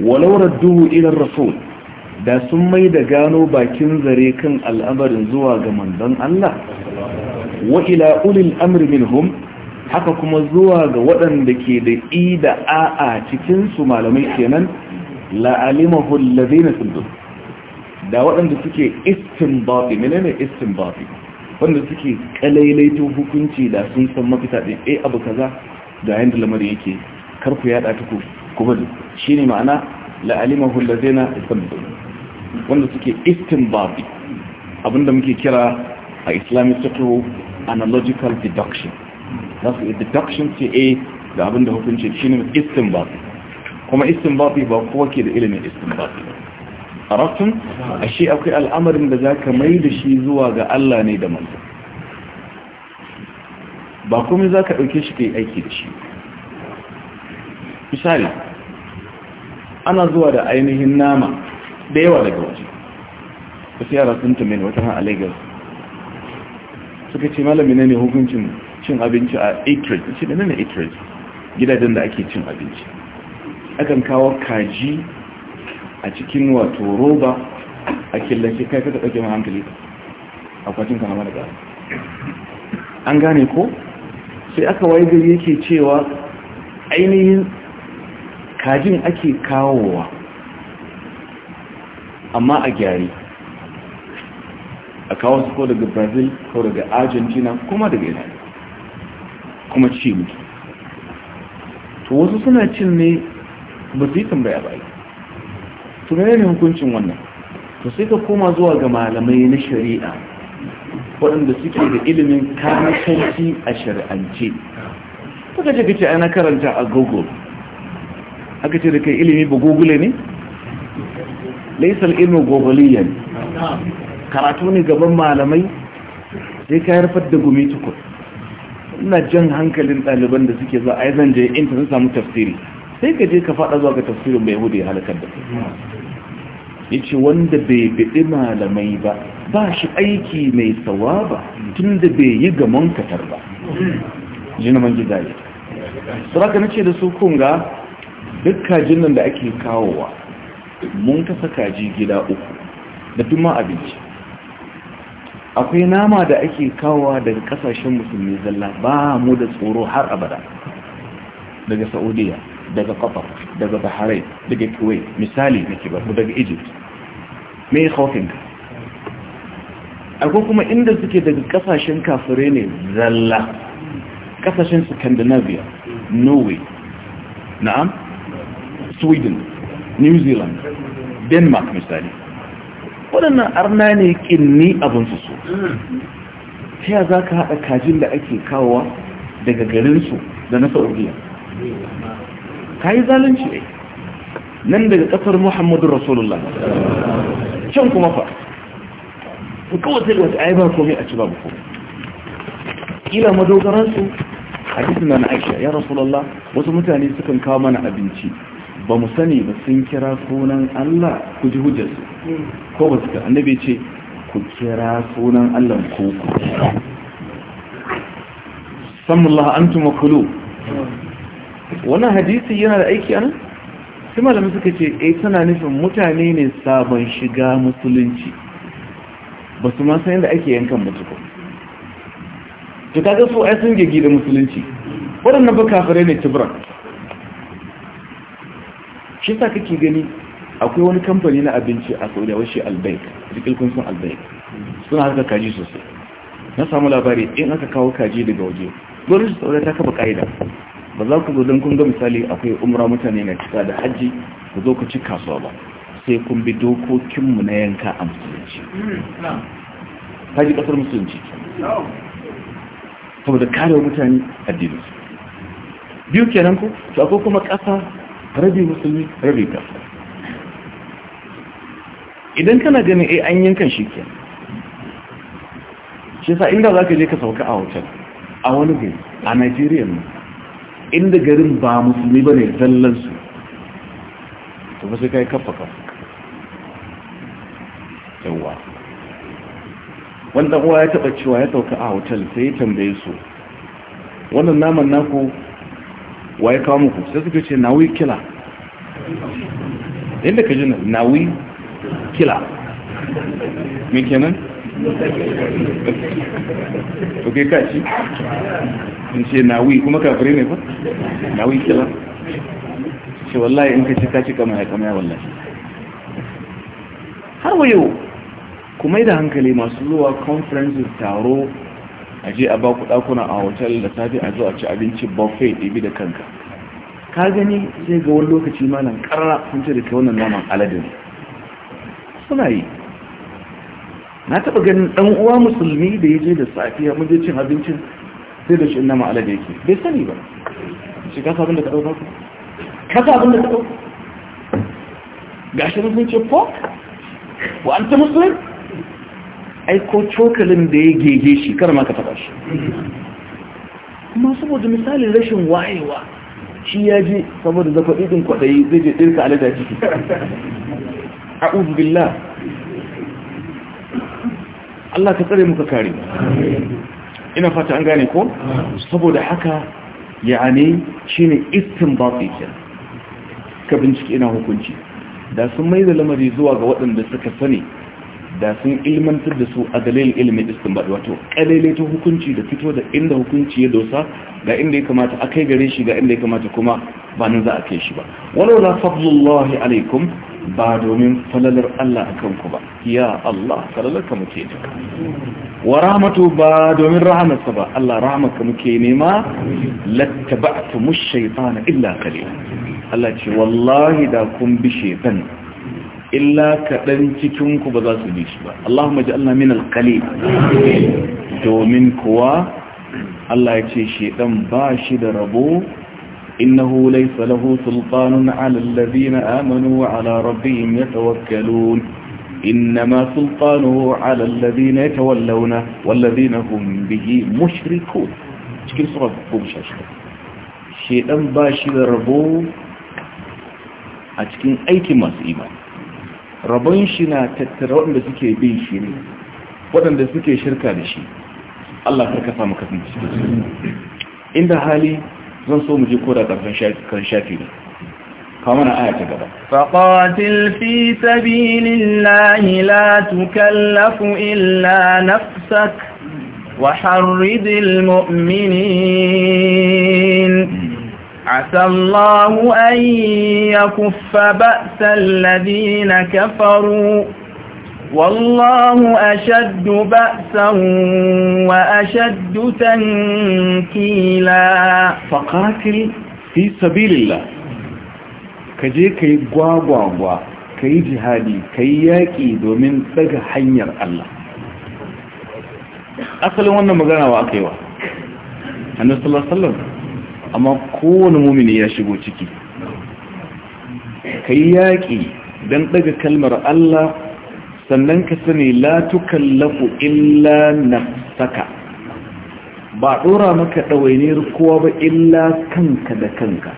walau radduhu ila rasul da sun mai da gano bakin zare kan al'amarin zuwa ga manzon Allah wa ila ulil amri minhum haka kuma zuwa ga waɗanda ke da i da A cikin su malamai kenan la'alimahu alladhina sundu da waɗanda suke istinbati menene istinbati wanda suke kalailaitun hukunci da sun san mafita ɗin a eh, abu kaza da yadda lamarin yake kar ku yaɗa ta ku bari shi ne ma'ana la'alimahu lazina istanbul wanda suke istinbabi abinda muke kira a islamic circle analogical deduction za su yi deduction ce eh, a da abinda hukunci shi ne istinbabi kuma istinbabi ba kowa ke da ilimin istinbabi ba arafin ashe akwai al'amarin da za ka mai da shi zuwa ga Allah ne da manzo ba kuma za ka ɗauke shi ka yi aiki da shi misali ana zuwa da ainihin nama da yawa daga waje su yara sun tamin wata hana a lagos suka ce malami ne hukuncin cin abinci a atrid ce da nuna atrid gidajen da ake cin abinci akan kawo kaji a cikin wato roba a killace kai kaka ɗauke ma hankali akwatin ka na da an gane ko sai aka waye gari yake cewa ainihin kajin ake kawowa amma a gyari a kawo su ko daga brazil ko daga argentina kuma daga italy kuma ci mutu to wasu suna cin ne ba su yi tambaya ba to ne hukuncin wannan to sai ka koma zuwa ga malamai na shari'a waɗanda suke da ilimin kamishanci a shari'ance suka ce kace ana karanta a google aka ce da kai ilimi ba google ne laisal ilmu gogoliyan karatu ne gaban malamai sai ka harfar da gumi tukur ina jan hankalin ɗaliban da suke za a yi zanje intanet samu tafsiri sai ka je ka faɗa zuwa ga tafsirin bai hudu ya halakar da kai yace wanda bai bidi malamai ba ba shi aiki mai sawaba tunda bai yi ga katar ba jina man gida ne nace da su kunga duk kajin nan da ake kawowa mun kasa kaji gida uku da duma abinci akwai nama da ake kawowa daga kasashen musulmi zalla ba mu da tsoro har abada daga saudiya daga qatar daga bahrain daga kuwait misali nake ba ko daga egypt me khawfin akwai kuma inda suke daga kasashen kafirai ne zalla kasashen scandinavia norway na'am sweden new zealand denmark misali waɗannan arna ne ƙinni abinsu su ta za ka haɗa kajin da ake kawowa daga garinsu da na saudiya ka yi zalunci ne nan daga ƙasar muhammadu rasulullah can kuma fa ku kawai sai wata ayi ba komai a ci babu komai kila madogaransu hadisi na aisha ya rasulullah wasu mutane sukan kawo mana abinci ba mu sani ba sun kira sunan allah ku ji hujjarsu ko ba ka annabi ce ku kira sunan allah ku ku sammallah kulu wannan hadisi yana da aiki anan sai malamin suka ce a eh, tana nufin mutane ne sabon shiga musulunci ba su ma san yadda ake yankan mutu ko to kaga su ai sun gigi da musulunci waɗannan ba kafirai ne tibiran shi sa kake gani akwai wani kamfani na abinci a saudiya washe albaik jikin kun albaik suna haka kaji sosai na samu labari in aka kawo kaji daga waje gwamnati saudiya ta kafa ƙa'ida ba za ku zo don kun ga misali akwai umra mutane na cika da hajji ku zo ku ci kasuwa ba sai kun bi dokokinmu na yanka a musulunci hajji kasar musulunci da kare mutane addini biyu kenan ku to akwai kuma kasa rabi musulmi rabi kasa idan kana ganin eh an yankan shi ke. shi sa inda za ka je ka sauka a hotel a wani gari a nigeria ne inda garin ba musulmi ba ne zallansu to ba sai ka yi kafa kafa yawa wanda uwa ya taba cewa ya sauka a hotel sai ya tambaye su wannan naman naku wa ya kawo muku sai suka ce nawi kila inda ka ji nawi kila min kenan? ok kashi in ce nawi kuma kafirai ne ba nawi kila ce wallahi in ka ci ka ci kama ya kama ya wallahi har wayo kuma kuma da hankali masu zuwa conferences taro a je a baku dakuna a hotel da safe a zo a ci abinci buffet ibi da kanka ka gani sai ga wani lokaci malam karara sun ce da ke wannan naman aladin suna yi na taɓa ganin ɗan uwa musulmi da ya je da safiya mun je cin abincin sai da shi ina ma'ala da yake bai sani ba shi kasa abin da ka ɗauka ku kasa abin da ka ɗauka ga shi sun ce fok wa an ta musulun aiko cokalin da ya gege shi kar ma ka taɓa shi kuma saboda misalin rashin wayewa shi ya je saboda zafa ɗin kwaɗayi zai je ɗirka alada ciki a uzubillah Allah ka tsare muka kare ina fata an gane ko saboda haka ya'ani shine istinbati ka bincike ina hukunci da sun mai da lamari zuwa ga waɗanda suka sani da sun ilmantar da su a dalil ilimin istimbad wato ta hukunci da fito da inda hukunci ya dosa ga inda ya kamata a kai gare shi ga inda ya kamata kuma ba nan za a kai shi ba Wala la fadlullahi alaikum ba domin falalar Allah a kanku ba ya Allah falalar ka muke ta wa rahmatu ba domin rahamarsa ba Allah rahamarka muke nema lattaba'tu mush shaytana illa qalil Allah ce wallahi da kun bi shaytan illa kaɗan cikinku ba za su ji shi ba Allahumma ja'alna min alqali domin kuwa Allah ya ce shedan ba shi da rabo innahu laysa lahu sultanun 'ala alladhina amanu wa 'ala ba shi da rabo a cikin aikin masu imani rabon shi na tattara waɗanda suke bin shi ne waɗanda suke shirka da shi Allah karka samu shi. inda hali zan so mu je koda ƙarfin shafi ne kamar aya ta gaba faqatil fi sabilillahi la tukallafu illa nafsak wa harridil mu'minin hmm. عسى الله أن يكف بأس الذين كفروا والله أشد بأسا وأشد تنكيلا فقاتل في سبيل الله كجي كي غواغواغوا كي جهادي كي ياكي دومين دغ حير الله أصل wannan magana wa akewa صلى الله عليه وسلم amma kowane mumini ya shigo ciki ka yi yaƙi don ɗaga kalmar Allah sannan ka sani latukan lafu illa na saka ba ɗora maka ɗawainiyar kowa ba illa kanka da kanka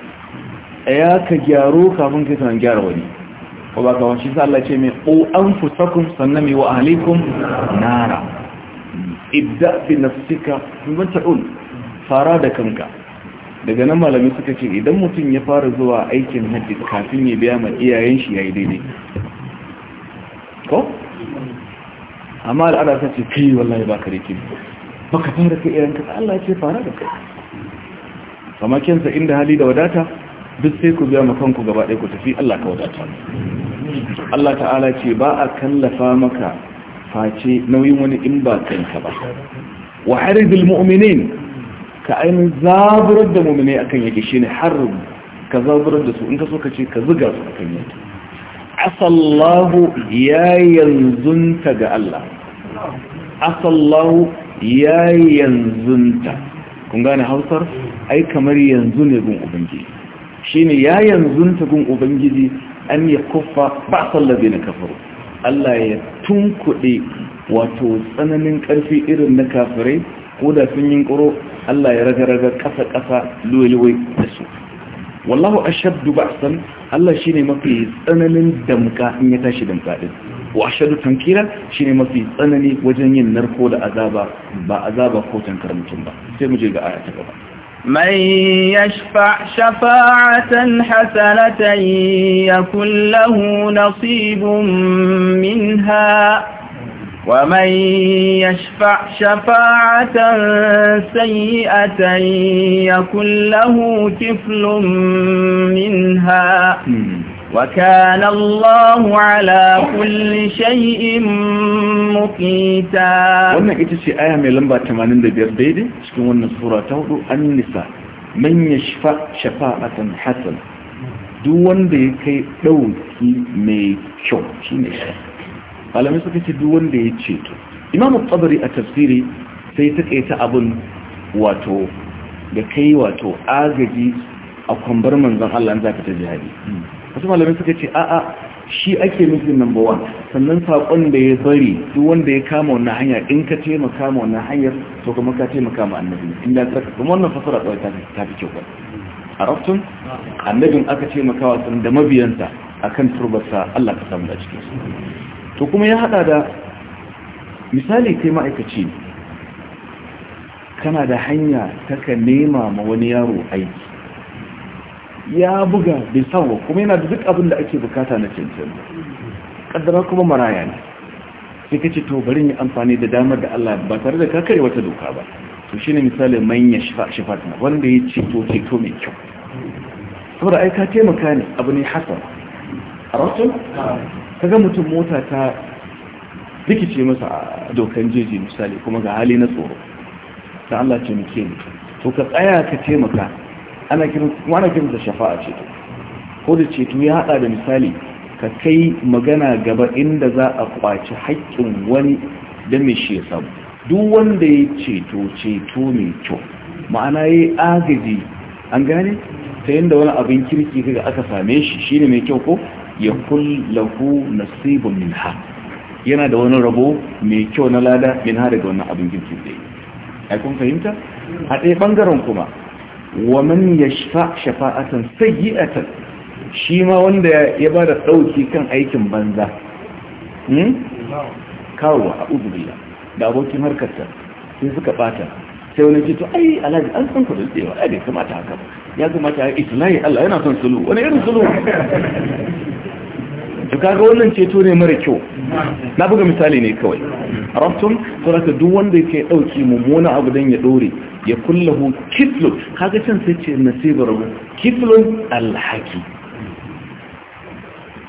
ya ka gyaro kafin ka sanar gyara wani ko ba ka wancin Allah ce mai o an fusakun sannan mai wa ahalikun nara idda fi nafsika mun fara da kanka daga nan malami suka ce idan mutum ya fara zuwa aikin hajji kafin ya biya ma iyayen shi yayi daidai ko amma al'ada ta ce kai wallahi ba kare kin ba ka fara kai iyayen ka Allah ce fara da kai amma kensa inda hali da wadata duk sai ku biya ma kanku gaba ɗaya ku tafi Allah ka wadata Allah ta'ala ce ba a kallafa maka face nauyin wani in ba kanka ba wa haridul mu'minin ka ainihin zaburar da mummune akan yake ne harin ka zaburar da su in ka so ka ce ka zuga su kan yake asallahu ya yanzunta ga Allah asallahu ya yanzunta kun gane hausar ai kamar yanzu ne gun ubangiji ne ya yanzunta gun ubangiji an ya kufa ba sallabe na kafaru Allah ya tun kuɗi wato tsananin ƙarfi irin na kafirai ko da sun yi ƙoro Allah ya raga-raga ƙasa-ƙasa luwaiwai da su wallahu ashaddu ba'san Allah shine mafi tsananin damka in ya tashi damka din wa ashaddu tankira shine mafi tsanani wajen yin narko da azaba ba azaba ko tankar mutum ba sai mu je ga aya ta gaba man yashfa shafa'atan hasanatan yakul lahu nasibun minha ومن يشفع شفاعة سيئة يكن له كفل منها hmm. وكان الله على كل شيء مقيتا wannan ita ce aya mai lamba 85 daidai cikin wannan sura ta hudu annisa man yashfa shafa'atan hasana duk wanda ya kai dauki mai kyau shine shafa malamai suka ce duk wanda ya ceto imamu tsabari a tafsiri sai ta abun abin wato da kai wato agaji a kwambar manzan Allah za ka ta jihadi wasu malamai suka ce a'a shi ake nufi number one sannan saƙon da ya bari duk wanda ya kama wannan hanya in ka taimaka ma wannan hanyar to kuma ka taimaka ma annabi in da ka kuma wannan fasara tsawai ta fi kyau a raftun annabin aka taimaka wa da mabiyansa akan turbarsa Allah ka samu da cikin to kuma ya hada da misali kai ma'aikaci kana da hanya ta ka nema ma wani yaro aiki ya buga bai sawa kuma yana da duk abin da ake bukata na cancan kaddara kuma maraya ne sai ka ce to bari ni amfani da damar da Allah ba tare da kakare wata doka ba to shine misali manya shifatna wanda ya ce ce to mai kyau saboda ai ka taimaka ne abu ne hasan a rasul Ka ga mutum mota ta rikice masa a dokan jeji misali kuma ga hali na tsoro ta Allah ce muke ne to ka tsaya ka taimaka ana kiran kuma kiran da shafa'a ce to ko da ce to ya hada da misali ka kai magana gaba inda za a kwaci haƙƙin wani da mai shi ya duk wanda ya ceto ceto mai kyau ma'ana ya yi agaji an gane ta yadda wani abin kirki kaga aka same shi shi ne mai kyau ko yakul lahu nasibun minha yana da wani rabo mai kyau na lada minha daga wannan abin kinki dai ai kun fahimta a dai bangaren kuma wa man yashfa shafa'atan sayyi'atan shi ma wanda ya ba da ɗauki kan aikin banza hmm? kawo a ubudiya da abokin harkarta sai suka bata sai wani ce to ai alhaji an san ku da tsewa ai bai kamata haka ya kamata ya islahi Allah yana son sulu wani irin sulu to kaga wannan ceto ne mara kyau na buga misali ne kawai to saboda duk wanda yake dauki mummuna abu dan ya dore ya kullahu kitlu kaga can sai ce nasibar mu kitlo alhaki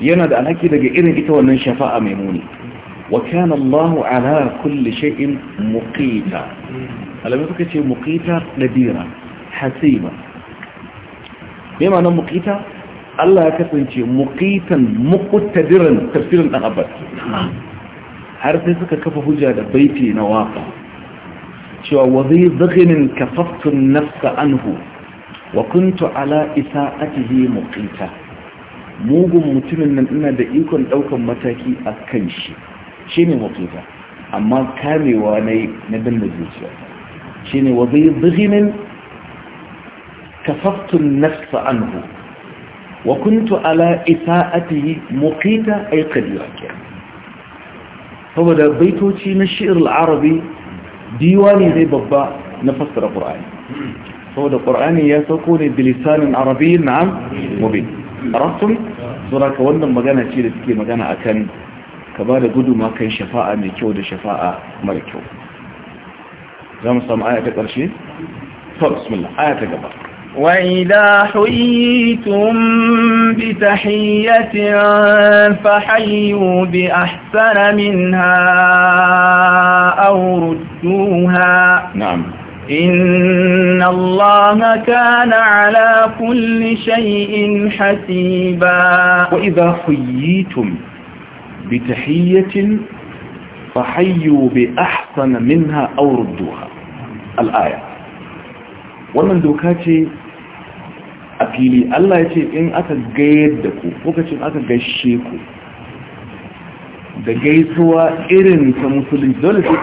yana da alhaki daga irin ita wannan shafa'a mai muni wa kana Allah ala kulli shay'in muqita suka ce muqita nadira hasiba me ma'anar muqita Allah ya kasance muqitan muqtadiran tafsirin dan abbas har sai suka kafa hujja da baiti na waka cewa wa zai zaghinin kafafftu nafsa anhu wa kuntu ala isa'atihi muqita mugun mutumin nan ina da ikon daukan mataki a kan shi Shi ne muqita amma kamewa na yi na danna zuciya ne wa zai zaghinin kafafftu nafsa anhu wa kuntu ala isa'atihi muqita ay qadira saboda baitoci na shi'ir al-arabi diwani ne babba na fassara qur'ani saboda qur'ani ya sauko ne bilisanin arabi na'am mubin arabtum ka wannan magana ce da take magana akan ka ba da guduma kan shafa'a mai kyau da shafa'a mara kyau za mu samu aya ta ƙarshe? to bismillah aya ta gaba وإذا حييتم بتحية فحيوا بأحسن منها أو ردوها نعم إن الله كان على كل شيء حسيبا وإذا حييتم بتحية فحيوا بأحسن منها أو ردوها الآية ومن دوكاتي a fili Allah ya ce in aka gayar da ku lokacin aka gaishe ku da gaisuwa irin ta musulunci dole sai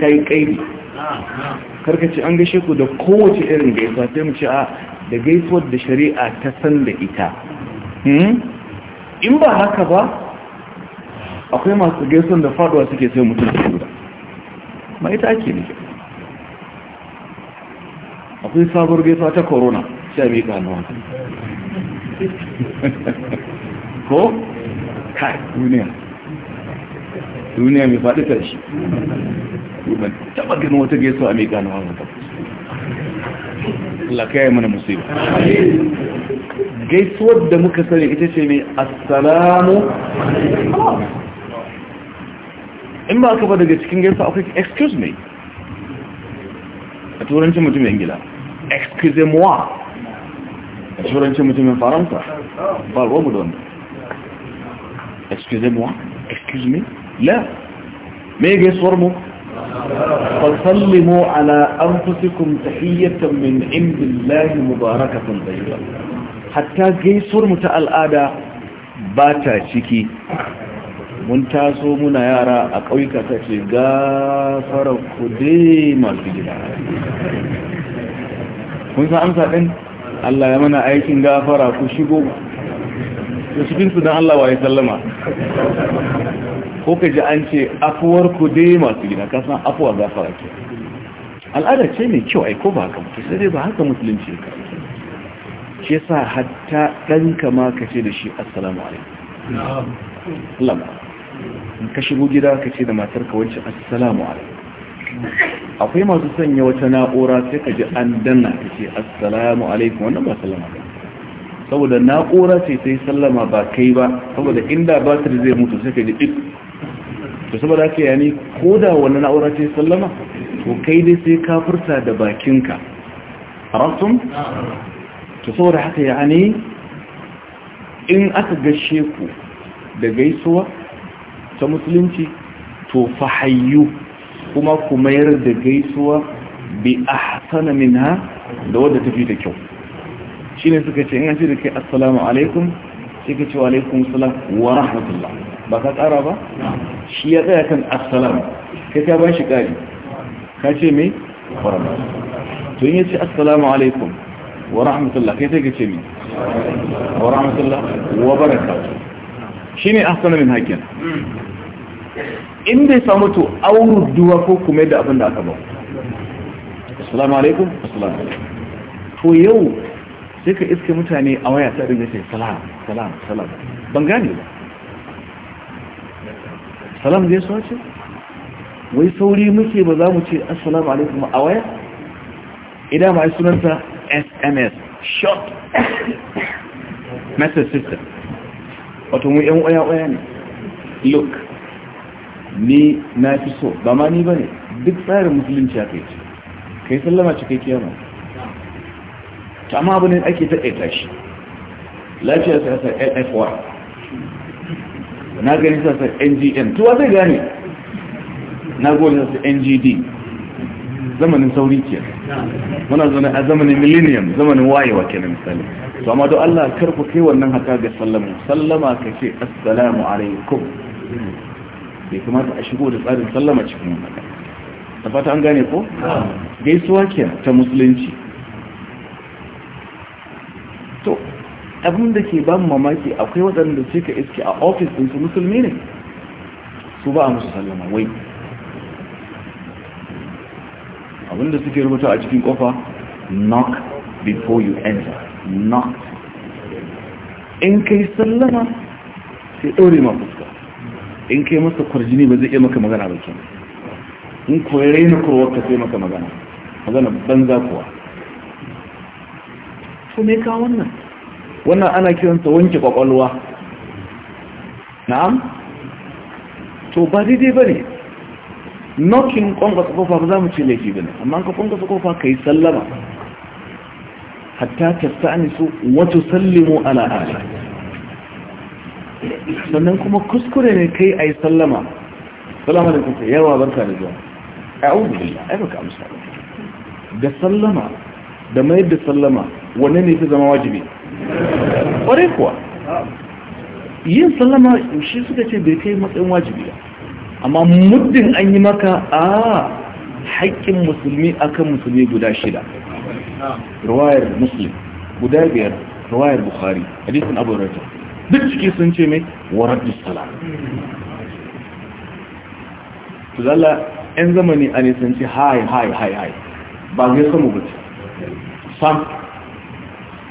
ka yi kaidi karkaci an gaishe ku da kowace irin gaisuwa sai mu ce a ah, da gaisuwar da shari'a ta san da ita hmm? in ba haka ba akwai masu gaisuwar da faduwa suke sai mutum su da ma ita ake ne akwai sabuwar gaisuwa ta corona sai mai kanawa ko kai duniya duniya mai faɗi tashi ban taɓa ganin wata gaisuwa mai kanawa ba Allah mana musulun gaisuwar da muka sani ita ce mai assalamu in ba ka ba daga cikin gaisuwa akwai excuse me a turancin mutum ingila excuse moi a turancin mutumin faransa ba ruwanmu da wanda excuse moi excuse me la me gaisuwar mu فسلموا على أنفسكم تحية من عند الله مباركة mu ta al'ada ba ta ciki mun taso muna yara a ƙauyuka ta ce gafara ku dai masu gida kun sa amsa Allah ya mana aikin gafara ku shigo da cikin su dan Allah ya sallama ko ka ji an ce afuwar ku dai masu gina ka san afuwa gafara ke al'ada ce mai kyau ai ko ba haka mutu sai dai ba haka musulunci ka ke sa hatta ɗanka ma ka ce da shi assalamu alaikum lama in ka shigo gida ka ce da matarka wancan assalamu alaikum akwai masu sanya wata na'ura sai ka ji an danna ka ce assalamu alaikum wannan ba sallama ba saboda na'ura ce sai sallama ba kai ba saboda inda ta zai mutu sai ka ji ɗin to saboda haka yani ko da wannan na'ura ce sallama to kai dai sai ka furta da bakinka rasun to saboda haka yani in aka gashe ku da gaisuwa ta musulunci to fahayyu kuma ku mayar da gaisuwa bi a min ha da wadda tafi da kyau ne suka ce in an da kai assalamu alaikum Shi ka ce wa alaikum salam wa rahmatullah ba ka tsara ba shi ya tsaya kan assalam kai ka ba shi ƙari? ka ce mai farama to in yace assalamu alaikum wa rahmatullah kai sai ka ce mai wa rahmatullah wa barakatuh shine ahsana min hakin in bai samu to auru duwa ko kuma da abin da aka ba assalamu alaikum assalamu alaikum to yau sai ka iske mutane a waya ta ringa ce salam salam salam ban gane ba salam zai so ce wai sauri muke ba za mu ce assalamu alaikum a waya idan ma sunanta sms short <coughs> message system wato mu yan waya waya ne look ni na fi so ba ma ni ba ne duk tsarin musulunci aka yi ce kai sallama ce kai kiyama ta ma abu ne ake taƙaita shi lafiya sa sa lfy na gani sa sa ngn tuwa zai gane na gani sa sa ngd zamanin sauri ke muna zana a zamanin millennium zamanin wayewa kenan misali to amma don allah karku kai wannan haka ga sallama sallama ka ce assalamu alaikum bai kamata a shigo da tsarin sallama cikin wannan da fata an gane ko gaisuwa ke ta musulunci to abinda da ke ba mamaki akwai waɗanda ce ka iske a ofis ɗin su musulmi ne su ba a musu sallama wai abinda da suke rubuta a cikin kofa knock before you enter knock in kai sallama sai ɗaure mafi in kai masa kwarjini ba zai iya maka magana ba ke in koyi raina kurwarka sai maka magana magana banza kuwa to me ka wannan wannan ana kiransa wanke kwakwalwa na'am to ba daidai ba ne nokin kwankwasa kofa ba za mu ce laifi ba ne amma ka kwankwasa kofa ka yi sallama hatta ta sa'ani su wato sallimu ana ala sannan kuma kuskure ne kai a yi sallama sallama da kuka yawa barka da zuwa a abu billah yi baka amsa da sallama da mayar da sallama wanne ne fi zama wajibi ƙware kuwa yin sallama shi suka ce bai kai matsayin wajibi ba amma muddin an yi maka a haƙƙin musulmi akan musulmi guda shida ruwayar Musulmi guda biyar ruwayar bukhari hadisin abu rajab duk ciki sun ce mai warar istala su zalla 'yan zamani a ne sun ce hai hai hai hai ba zai samu ba sam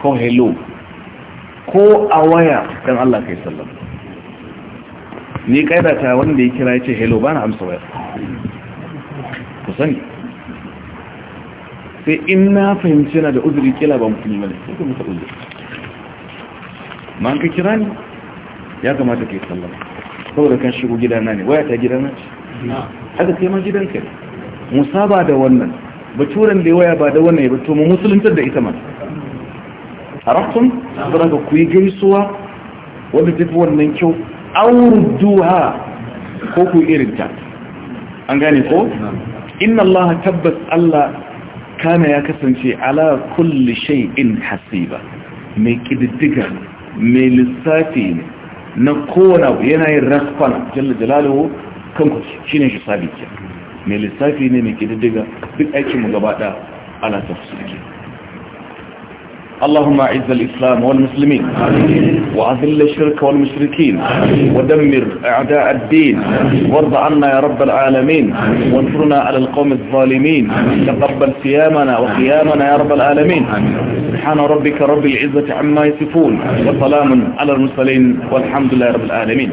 ko hello ko a waya kan Allah kai sallam ni ƙaida ta wanda ya kira ya ce hello ba na amsa waya ku sani sai in na fahimci na da uzuri kila ban fi ne mana sai ku musa ma an ka kira ni ya kamata ka yi sallama saboda kan shigo gidana ne waya ta gidana ce haka kai ma gidanka ne ba da wannan turan da waya ba da wannan ya bato mu musuluntar da ita ma arafton saboda ka kuyi gaisuwa wanda fi wannan kyau auruduha ko ku irinta an gane ko inna allaha tabbas allah kana ya kasance ala kulli shay'in hasiba mai kididdiga mai lissafi na kowane abu yana yin rasfan jalla jalaluhu kan ku shi ne shi sabi ke mai lissafi ne mai kididdiga duk aikinmu gaba ɗaya ala اللهم اعز الإسلام والمسلمين وأذل الشرك والمشركين ودمر أعداء الدين وارض عنا يا رب العالمين وانصرنا على القوم الظالمين تقبل صيامنا وقيامنا يا رب العالمين سبحان ربك رب العزة عما يصفون وسلام على المرسلين والحمد لله رب العالمين